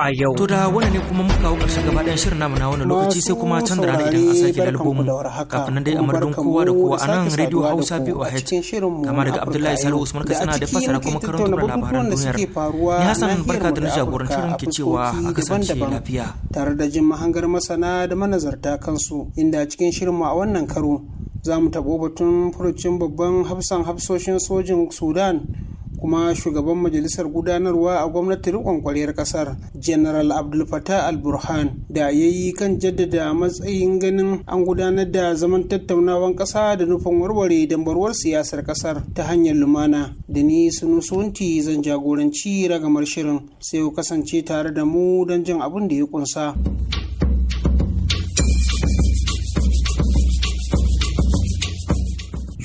Speaker 1: a yau. To da wani ne kuma muka kawo ƙarshen gaba ɗaya shirin namu na wani lokaci sai kuma can da rana idan an sake lalbo mu. Kafin nan dai a madadin kowa da kowa a nan rediyo Hausa BOH kama daga Abdullahi Salihu Usman Katsina da fasara kuma karanta labaran duniyar.
Speaker 19: Ni Hassan barka da na jagorancin
Speaker 1: ke cewa a kasance lafiya.
Speaker 19: Tare da jin mahangar masana da manazarta kansu inda cikin shirinmu a wannan karo za mu taɓo batun furucin babban hafsan hafsoshin sojin Sudan kuma shugaban majalisar gudanarwa a gwamnatin riƙon ƙwariyar ƙasar general abdul fatah al-burhan da ya yi kan jaddada matsayin ganin an gudanar da zaman tattaunawan ƙasa da nufin warware dambarwar siyasar ƙasar ta hanyar lumana da ni sunti zan jagoranci ragamar shirin sai ku kasance tare da mu don jin abin da ya ƙunsa.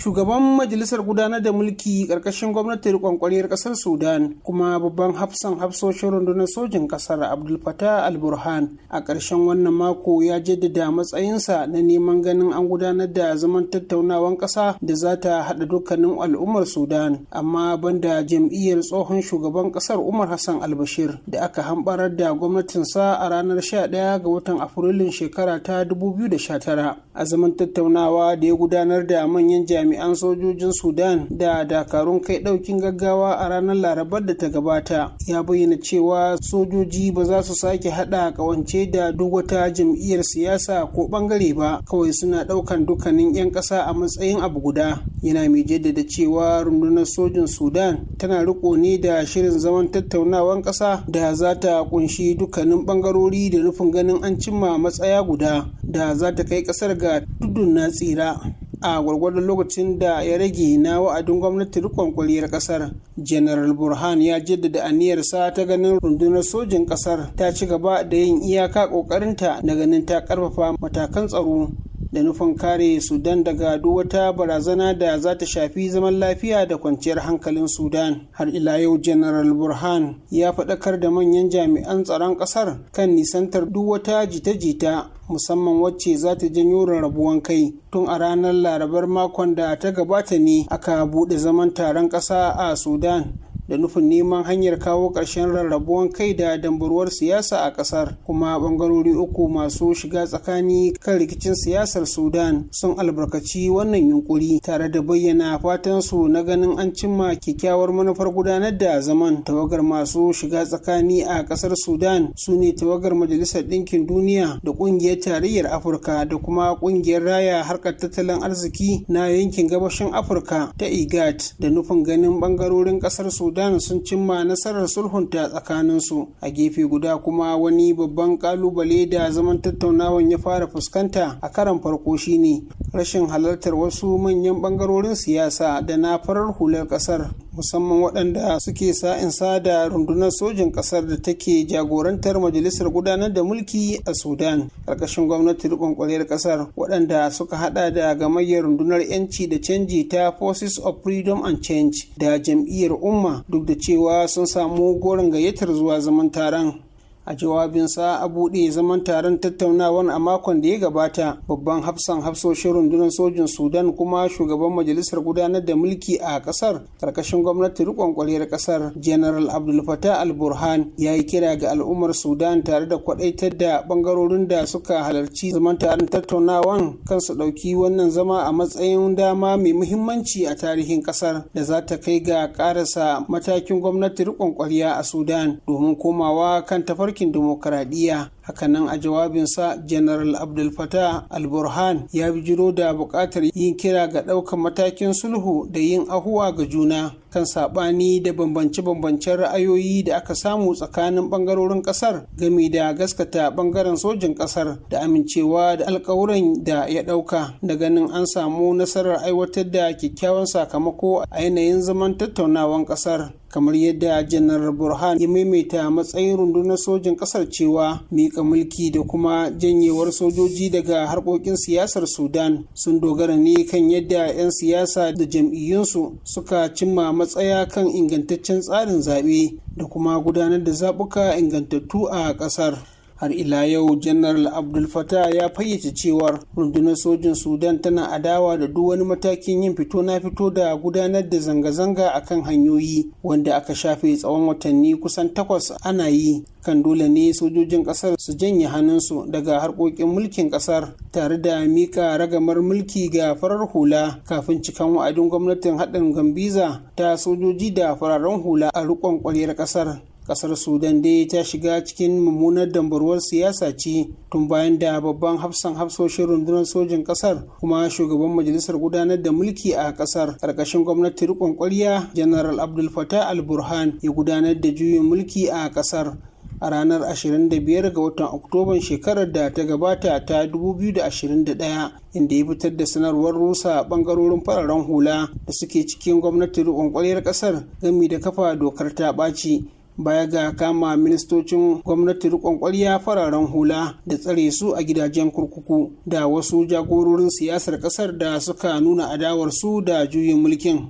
Speaker 19: shugaban majalisar gudanar da mulki ƙarƙashin gwamnatin kwankwariyar ƙasar sudan kuma babban hafsan hafsoshin rundunar sojin ƙasar abdul fatah al-burhan a ƙarshen wannan mako ya jaddada matsayinsa na neman ganin an gudanar da zaman tattaunawan ƙasa da za ta haɗa dukkanin al'ummar sudan amma banda jam'iyyar tsohon shugaban ƙasar umar hassan albashir da aka hambarar da gwamnatinsa a ranar 11 ga watan afrilun shekara ta 2019 a zaman tattaunawa da ya gudanar da manyan jami'ai jami'an sojojin sudan da dakarun kai ɗaukin gaggawa a ranar larabar da ta gabata ya bayyana cewa sojoji ba za su sake haɗa ƙawance da duk wata jam'iyyar siyasa ko bangare ba kawai suna ɗaukan dukkanin 'yan kasa a matsayin abu guda yana mai jaddada cewa rundunar sojin sudan tana riko ne da shirin zaman tattaunawan kasa da za ta kunshi dukkanin bangarori da nufin ganin an cimma matsaya guda da za ta kai ƙasar ga tudun na tsira a gwargwadon lokacin da ya rage na wa'adin gwamnati rikon kwaliyar kasar general burhan ya jaddada aniyarsa ta ganin rundunar sojin kasar ta ci gaba da yin iyaka kokarinta na ganin ta karfafa matakan tsaro da nufin kare sudan daga duk wata barazana da za ta shafi zaman lafiya da kwanciyar hankalin sudan har ila yau general burhan ya faɗakar da manyan jami'an tsaron ƙasar kan nisantar duk wata jita-jita musamman wacce za ta janyo rarrabuwan kai tun a ranar larabar makon da ta gabata ne aka buɗe zaman taron ƙasa a sudan da nufin neman hanyar kawo ƙarshen rarrabuwan kai da dambarwar siyasa a ƙasar kuma ɓangarori uku masu shiga tsakani kan rikicin siyasar sudan sun albarkaci wannan yunkuri tare da bayyana fatan su na ganin an cimma kyakkyawar manufar gudanar da zaman tawagar masu shiga tsakani a ƙasar sudan su ne tawagar majalisar ɗinkin duniya da ƙungiyar tarayyar afirka da kuma ƙungiyar raya harkar tattalin arziki na yankin gabashin afirka ta igat da nufin ganin ɓangarorin ƙasar sudan sudan sun cimma nasarar sulhunta tsakaninsu a gefe guda kuma wani babban kalubale da zaman tattaunawan ya fara fuskanta a karan farko shine rashin halartar wasu manyan bangarorin siyasa da na farar hular kasar musamman waɗanda suke sa'in da rundunar sojin ƙasar da take jagorantar majalisar gudanar da mulki a sudan ƙarƙashin gwamnati riƙon ƙwarriyar ƙasar waɗanda suka haɗa da gamayyar rundunar 'yanci da canji ta forces of freedom and change da jam'iyyar umma duk da cewa sun samu gorin gayyatar zuwa zaman taron a jawabinsa a buɗe zaman taron tattaunawar a makon da ya gabata babban hafsan hafsoshin rundunar sojin sudan kuma shugaban majalisar gudanar da mulki a ƙasar karkashin gwamnati rikon kwaliyar ƙasar general abdul fatah al burhan ya yi kira ga al'ummar sudan tare da kwaɗaitar da ɓangarorin da suka halarci zaman taron tattaunawan kan su ɗauki wannan zama a matsayin dama mai muhimmanci a tarihin ƙasar da za ta kai ga ƙarasa matakin gwamnati rikon kwaliya a sudan domin komawa kan tafarki mulkin hakanan a jawabinsa general abdul fatah al-burhan ya bijiro da buƙatar yin kira ga ɗaukar matakin sulhu da yin ahuwa ga juna kan saɓani da bambance-bambancen ra'ayoyi da aka samu tsakanin ɓangarorin ƙasar game da gaskata ɓangaren sojin ƙasar da amincewa da alkawuran da ya ɗauka da ganin an samu nasarar aiwatar da kyakkyawan sakamako a yanayin zaman tattaunawan ƙasar kamar yadda janar burhan ya maimaita matsayin rundunar sojin ƙasar cewa rika mulki da kuma janyewar sojoji daga harkokin siyasar sudan sun dogara ne kan yadda 'yan siyasa da jam'iyyunsu suka cimma matsaya kan ingantaccen tsarin zaɓe da kuma gudanar da zaɓuka ingantattu a ƙasar har ila yau janaral abdul fatah ya fayyace cewar rundunar sojin sudan tana adawa da duk wani matakin yin fito na fito da gudanar da zanga-zanga a kan hanyoyi wanda aka shafe tsawon watanni kusan takwas ana yi kan dole ne sojojin kasar su janye hannunsu daga harkokin mulkin kasar tare da mika ragamar mulki ga farar hula kafin cikan wa'adin gwamnatin haɗin gambiza ta sojoji da fararen hula a rikon ƙwaryar kasar kasar sudan dai ta shiga cikin mummunar dambarwar siyasa ce tun bayan da babban hafsan hafsoshin rundunar sojin kasar kuma shugaban majalisar gudanar da mulki a kasar karkashin gwamnati rikon kwarya general abdul fatah al burhan ya gudanar da juyin mulki a kasar a ranar 25 ga watan oktoban shekarar da ta gabata ta 2021 inda ya fitar da sanarwar rusa bangarorin fararen hula da suke cikin gwamnatin rikon ƙwaryar ƙasar gami da kafa dokar ta ɓaci baya ga kama ministocin gwamnati rikon kwarya fararen hula da tsare su a gidajen kurkuku da wasu jagororin siyasar kasar da suka nuna adawarsu da juyin mulkin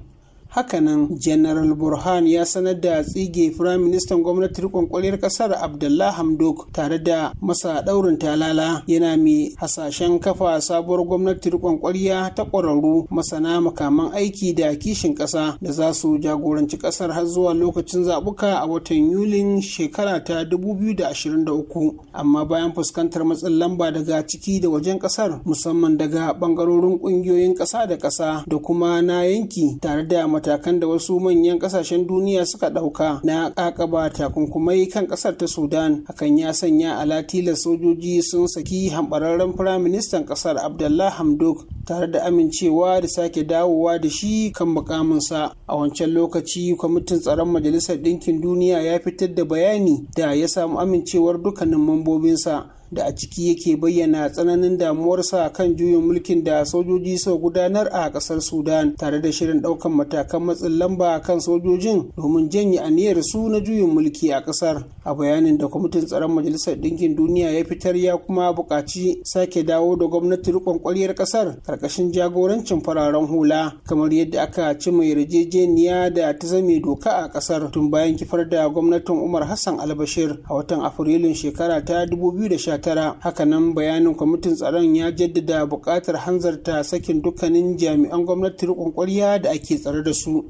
Speaker 19: hakanan general burhan ya sanar da tsige firaministan gwamnati rikon kwaliyar kasar abdullah hamdok tare da masa daurin talala yana mai hasashen kafa sabuwar gwamnati rikon kwaliya ta kwararru masana makaman aiki da kishin kasa da za su jagoranci kasar har zuwa lokacin zabuka a watan yulin shekara ta 2023 amma bayan fuskantar matsin lamba daga ciki da wajen kasar musamman daga bangarorin kungiyoyin kasa da kasa da kuma na yanki tare da matakan da wasu manyan kasashen duniya suka ɗauka na ƙaƙaba takunkumai kan ƙasar ta sudan hakan ya sanya alatila sojoji sun saki hambararren firaministan ƙasar abdullah hamdok tare da amincewa da sake dawowa da shi kan mukaminsa a wancan lokaci kwamitin tsaron majalisar ɗinkin duniya ya fitar da bayani da ya samu amincewar dukkanin mambobinsa da a ciki yake bayyana tsananin damuwarsa kan juyin mulkin da sojoji sau gudanar a kasar sudan tare da shirin daukan matakan matsin lamba kan sojojin domin janye aniyar su na juyin mulki a kasar a bayanin da kwamitin tsaron majalisar ɗinkin duniya ya fitar ya kuma buƙaci sake dawo da gwamnati rikon kwaryar kasar karkashin jagorancin fararen hula kamar yadda aka ci mai yarjejeniya da ta zame doka a kasar tun bayan kifar da gwamnatin umar hassan albashir a watan afrilun shekara ta sha. 2019 hakanan bayanin kwamitin tsaron ya jaddada buƙatar hanzarta sakin dukkanin jami'an gwamnati rukun ƙwarya da ake tsare da su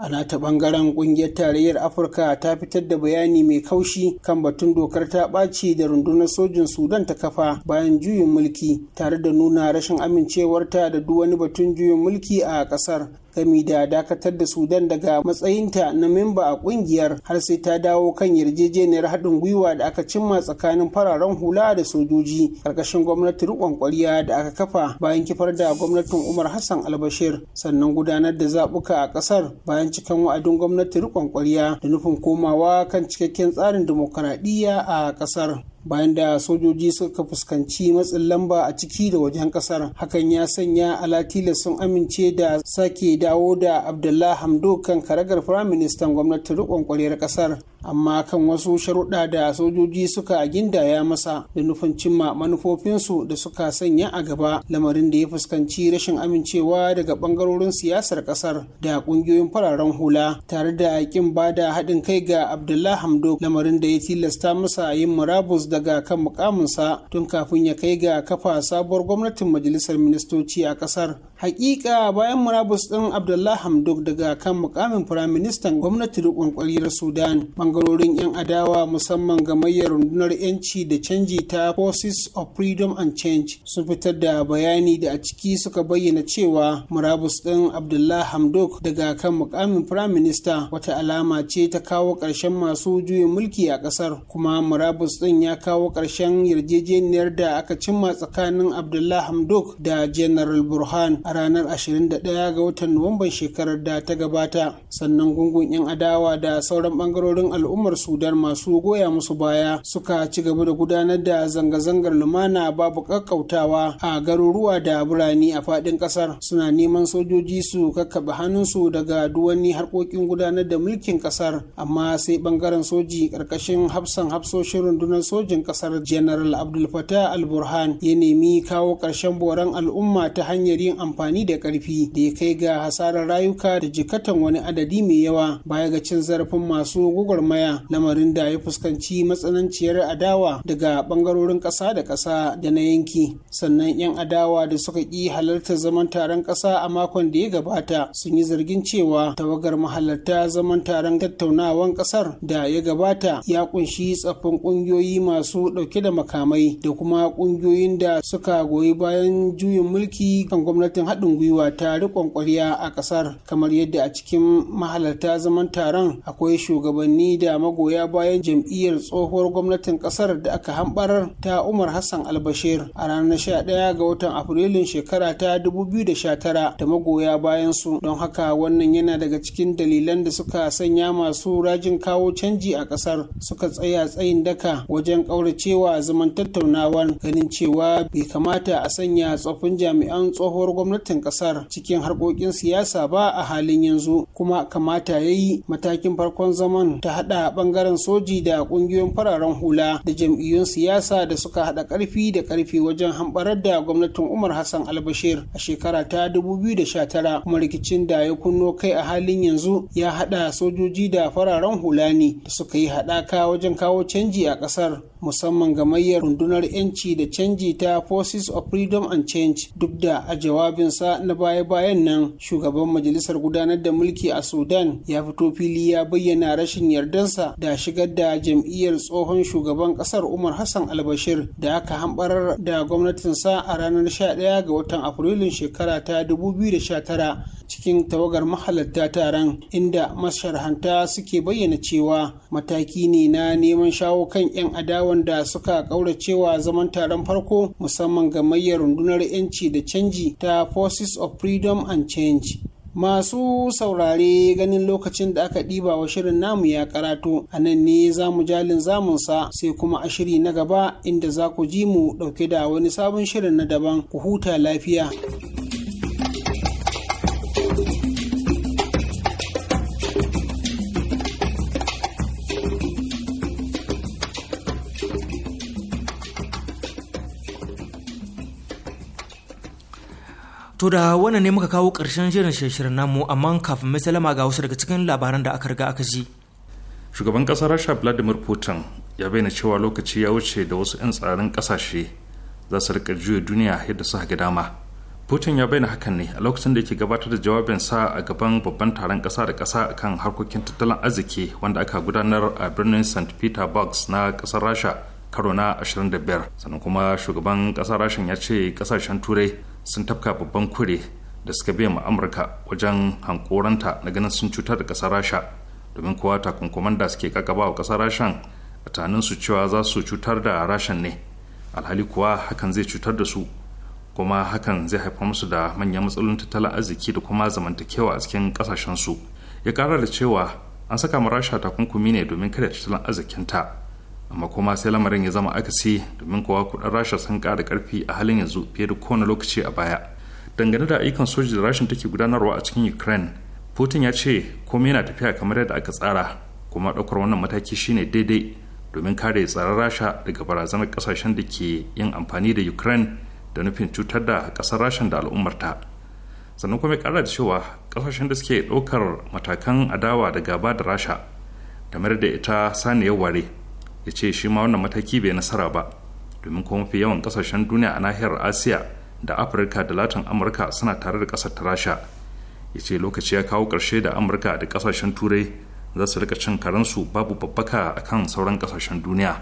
Speaker 19: a ta bangaren kungiyar tarayyar afirka ta fitar da bayani mai kaushi kan batun dokar ta ɓaci da rundunar sojin sudan ta kafa bayan juyin mulki tare da nuna rashin amincewarta da duk wani batun juyin mulki a ƙasar gami da dakatar da sudan daga matsayinta na memba a kungiyar har sai ta dawo kan yarjejeniyar haɗin gwiwa da aka cimma tsakanin fararen hula da sojoji ƙarƙashin gwamnati riƙon ƙwariya da aka kafa bayan kifar da gwamnatin umar hassan albashir sannan gudanar da zaɓuka a ƙasar bayan cikan wa'adin gwamnati riƙon ƙwariya da nufin komawa kan cikakken tsarin dimokuraɗiyya a ƙasar bayan da sojoji suka fuskanci matsin lamba a ciki da wajen kasar hakan ya sanya alatila sun amince da sake dawo da abdullahi hamdo kan karagar firaministan gwamnatin riƙon kwaryar kasar amma kan wasu sharuɗa da sojoji suka gindaya masa da nufin cimma manufofinsu da suka sanya a gaba lamarin da ya fuskanci rashin amincewa daga ɓangarorin siyasar ƙasar da ƙungiyoyin fararen hula tare da aikin ba da haɗin kai ga abdullah hamdo lamarin da ya tilasta masa yin murabus daga kan mukaminsa tun kafin ya kai ga kafa sabuwar gwamnatin majalisar ministoci a ƙasar hakika bayan murabus ɗin abdullah hamdok daga kan mukamin firaministan gwamnati riƙon kwaliyar sudan bangarorin 'yan adawa musamman gamayyar rundunar 'yanci da canji ta forces of freedom and change sun fitar da bayani da a ciki suka bayyana cewa murabus ɗin abdullah hamdok daga kan mukamin firaminista wata alama ce ta kawo ƙarshen masu juyin mulki a ƙasar kuma murabus ɗin ya kawo ƙarshen yarjejeniyar da aka cimma tsakanin abdullah hamdok da general burhan a ranar 21 ga watan Nuwamban shekarar da ta gabata. Sannan gungun 'yan adawa da sauran bangarorin al'ummar Sudan masu goya musu baya suka ci gaba da gudanar da zanga-zangar lumana babu kakkautawa a garuruwa da birane a faɗin ƙasar suna neman sojoji su kakkaɓe hannunsu daga duwani harkokin gudanar da mulkin ƙasar amma sai bangaren soji ƙarƙashin hafsan hafsoshin rundunar sojin ƙasar General Abdul Fattah al-Burhan ya nemi kawo ƙarshen boran al'umma ta hanyar yin amfani amfani da ƙarfi da ya kai ga hasarar rayuka da jikatan wani adadi mai yawa baya ga cin zarafin masu gwagwarmaya lamarin da ya fuskanci matsananciyar adawa daga ɓangarorin ƙasa da ƙasa da na yanki sannan 'yan adawa da suka ƙi halartar zaman taron ƙasa a makon da ya gabata sun yi zargin cewa tawagar mahalarta zaman taron tattaunawan ƙasar da ya gabata ya kunshi tsaffin ƙungiyoyi masu ɗauke da makamai da kuma ƙungiyoyin da suka goyi bayan juyin mulki kan gwamnatin haɗin gwiwa ta riƙon ƙwarya a ƙasar kamar yadda a cikin mahalarta zaman taron akwai shugabanni da magoya bayan jam'iyyar tsohuwar gwamnatin ƙasar da aka hambarar ta Umar Hassan Albashir a ranar sha 11 ga watan Afrilun shekara ta 2019 da magoya bayan su don haka wannan yana daga cikin dalilan da suka sanya masu rajin kawo canji a ƙasar suka tsaya tsayin daka wajen ƙauracewa zaman tattaunawan ganin cewa bai kamata a sanya tsoffin jami'an tsohuwar gwamnati gwamnatin kasar cikin harkokin siyasa ba a halin yanzu kuma kamata ya yi matakin farkon zaman ta hada bangaren soji da kungiyoyin fararen hula da jam'iyyun siyasa da suka hada karfi da karfi wajen hamɓarar da gwamnatin umar hassan albashir a shekara ta 2019 kuma rikicin da ya kunno kai a halin yanzu ya hada sojoji da fararen hula ne da suka yi hadaka wajen kawo canji a kasar musamman ga gamayyar rundunar 'yanci da canji ta forces of freedom and change duk da a jawabin sa na baya-bayan nan shugaban majalisar gudanar da mulki a sudan ya fito fili ya bayyana rashin yardarsa da shigar da jam'iyyar tsohon shugaban kasar umar hassan albashir da aka hambarar da gwamnatinsa a ranar 11 ga watan afrilun shekara ta 2019 cikin tawagar mahalarta taron inda masharhanta suke bayyana cewa mataki ne na neman shawo kan 'yan adawan da suka kauracewa zaman taron farko musamman ga gamayyar rundunar 'yanci da canji ta forces of freedom and change masu saurare ganin lokacin da aka ɗiba wa shirin namu ya karatu a nan ne za mu jalin zamunsa sai kuma a shiri na gaba inda za ku ji mu ɗauke da wani sabon shirin na daban ku huta lafiya.
Speaker 1: To da wannan ne muka kawo ƙarshen jerin shirin namu amma kafin mai salama ga wasu daga cikin labaran da aka riga aka ji.
Speaker 2: Shugaban kasar Rasha Vladimir Putin ya bayyana cewa lokaci ya wuce da wasu 'yan tsarin kasashe za su rika juya duniya yadda su ga dama. Putin ya bayyana hakan ne a lokacin da yake gabatar da jawabin sa a gaban babban taron ƙasa da ƙasa kan harkokin tattalin arziki wanda aka gudanar a birnin St. Petersburg na kasar Rasha karo na 25 sannan kuma shugaban kasar rashin ya ce kasashen turai sun tafka babban kure da suka biya ma amurka wajen hankoranta na ganin sun cutar da kasar rasha domin kowa takunkuman da suke kakaba wa ƙasar rashan a tanin su cewa za su cutar da rashan ne alhali kuwa hakan zai cutar da su kuma hakan zai haifar musu da manyan matsalolin tattalin arziki da kuma zamantakewa a cikin su ya kara da cewa an saka ma rasha takunkumi ne domin kada tattalin arzikinta amma kuma sai lamarin ya zama akasi domin kowa kudin rasha sun kara karfi a halin yanzu fiye da kowane lokaci a baya dangane da ayyukan soji da rashin take gudanarwa a cikin ukraine putin ya ce komai yana tafiya kamar yadda aka tsara kuma ɗaukar wannan mataki shine daidai domin kare tsaron rasha daga barazanar kasashen da ke yin amfani da ukraine da nufin cutar da kasar rasha da al'ummarta sannan kuma ya ƙara da cewa ƙasashen da suke ɗaukar matakan adawa da gaba da rasha da mayar da ita saniyar ware ya ce shi ma wannan mataki bai nasara ba domin kuma mafi yawan kasashen duniya a nahiyar asiya da afirka da latin amurka suna tare da kasar ta rasha ya ce lokaci ya kawo ƙarshe da amurka da kasashen turai za su rika cin karensu babu babbaka a kan sauran kasashen duniya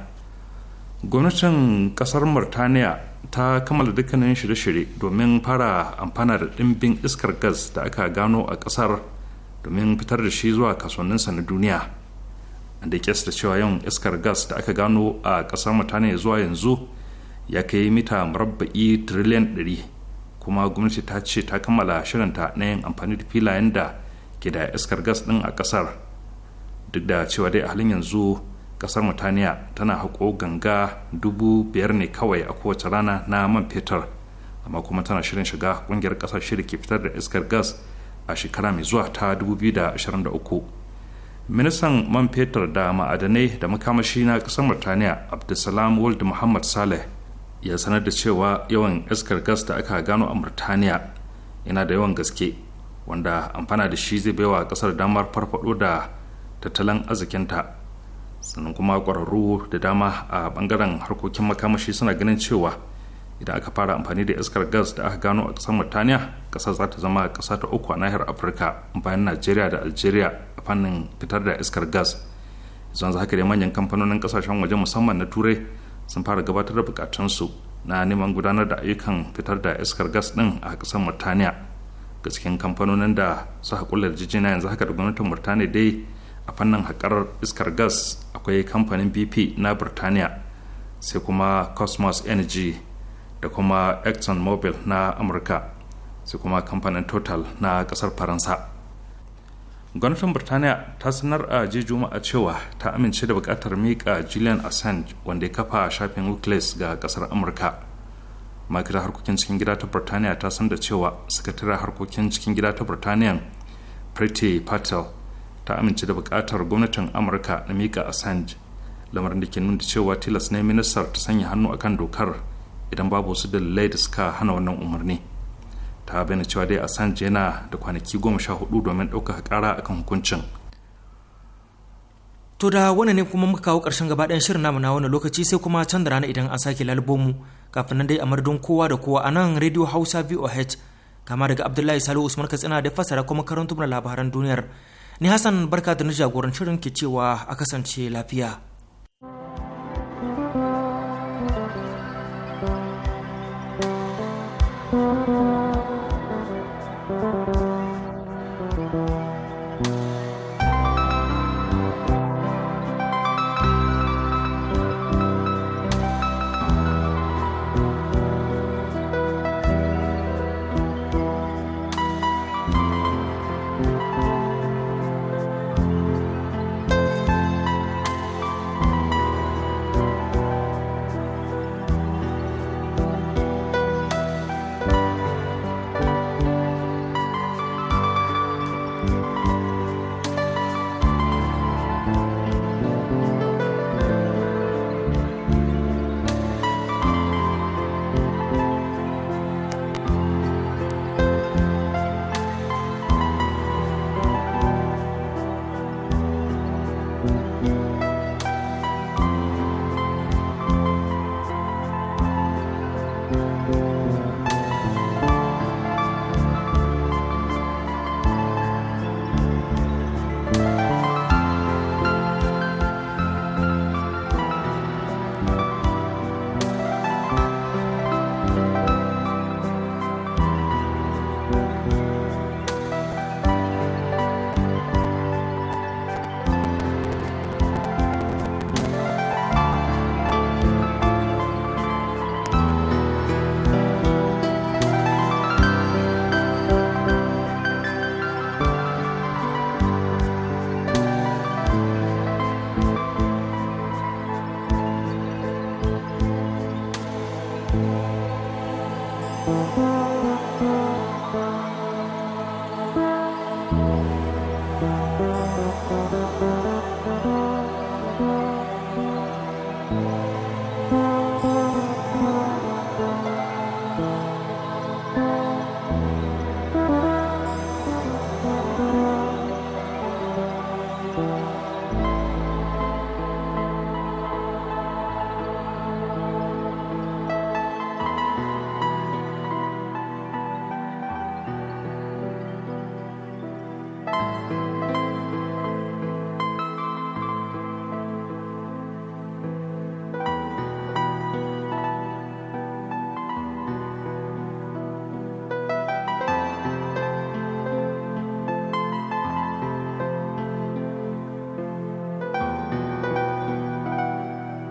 Speaker 2: gwamnatin kasar murtaniya ta kammala dukkanin shirye-shirye domin fara amfana da ɗimbin iskar gas da aka gano a ƙasar domin fitar da shi zuwa kasuwanninsa na duniya da kyasta cewa yawan iskar gas da aka gano a ƙasar mutane zuwa yanzu ya kai mita murabba'i tiriliyan 100 kuma gwamnati ta ce ta kammala shirinta na yin amfani da filayen da ke da iskar gas ɗin a ƙasar duk da cewa dai a halin yanzu ƙasar mutaniya tana haƙo ganga dubu biyar ne kawai a kowace rana na man fetur amma kuma tana shirin shiga ƙungiyar ƙasar da ke fitar da iskar gas a shekara mai zuwa ta 2023 ministan man fetur da ma'adanai da makamashi na ƙasar murtaniya abdulsalam wald muhammad saleh ya sanar da cewa yawan iskar gas da aka gano a murtaniya yana da yawan gaske wanda amfana da shi zai baiwa ƙasar damar farfado da tattalin arzikinta sannan kuma ƙwararru da dama a ɓangaren harkokin makamashi suna ganin cewa idan aka fara amfani da iskar gas da aka gano a ƙasar murtaniya ƙasar za ta zama ƙasa ta uku a nahiyar afirka bayan najeriya da algeria a fannin fitar da iskar gas yanzu haka dai manyan kamfanonin ƙasashen waje musamman na turai sun fara gabatar da bukatunsu na neman gudanar da ayyukan fitar da iskar gas ɗin a ƙasar murtaniya ga cikin kamfanonin da suka kula jijina yanzu haka da gwamnatin murtaniya dai a fannin haƙar iskar gas akwai kamfanin bp na burtaniya sai kuma cosmos energy da kuma exxon mobil na amurka sai kuma kamfanin total na kasar faransa gwamnatin birtaniya ta sanar a ji juma'a cewa ta amince da bukatar miƙa julian assange wanda ya kafa shafin wikileaks ga kasar amurka ma'aikatar harkokin cikin gida ta birtaniya ta san da cewa sakataren harkokin cikin gida ta birtaniya pretty patel ta amince da bukatar gwamnatin amurka na mika assange lamarin da ke nuna cewa tilas ne ministar ta sanya hannu akan dokar idan babu wasu dalilai da suka hana wannan umarni ta bayyana cewa dai assange yana da kwanaki goma sha hudu domin ɗaukaka ƙara akan hukuncin
Speaker 1: to da wannan ne kuma muka kawo ƙarshen gaba ɗayan shirin namu na wani lokaci sai kuma can da rana idan an sake lalbomu kafin nan dai a madadin kowa da kowa a nan radio hausa voh kama daga abdullahi salihu usman katsina da fasara kuma karantumar labaran duniyar ni hassan barka da na jagorancin ke cewa a kasance lafiya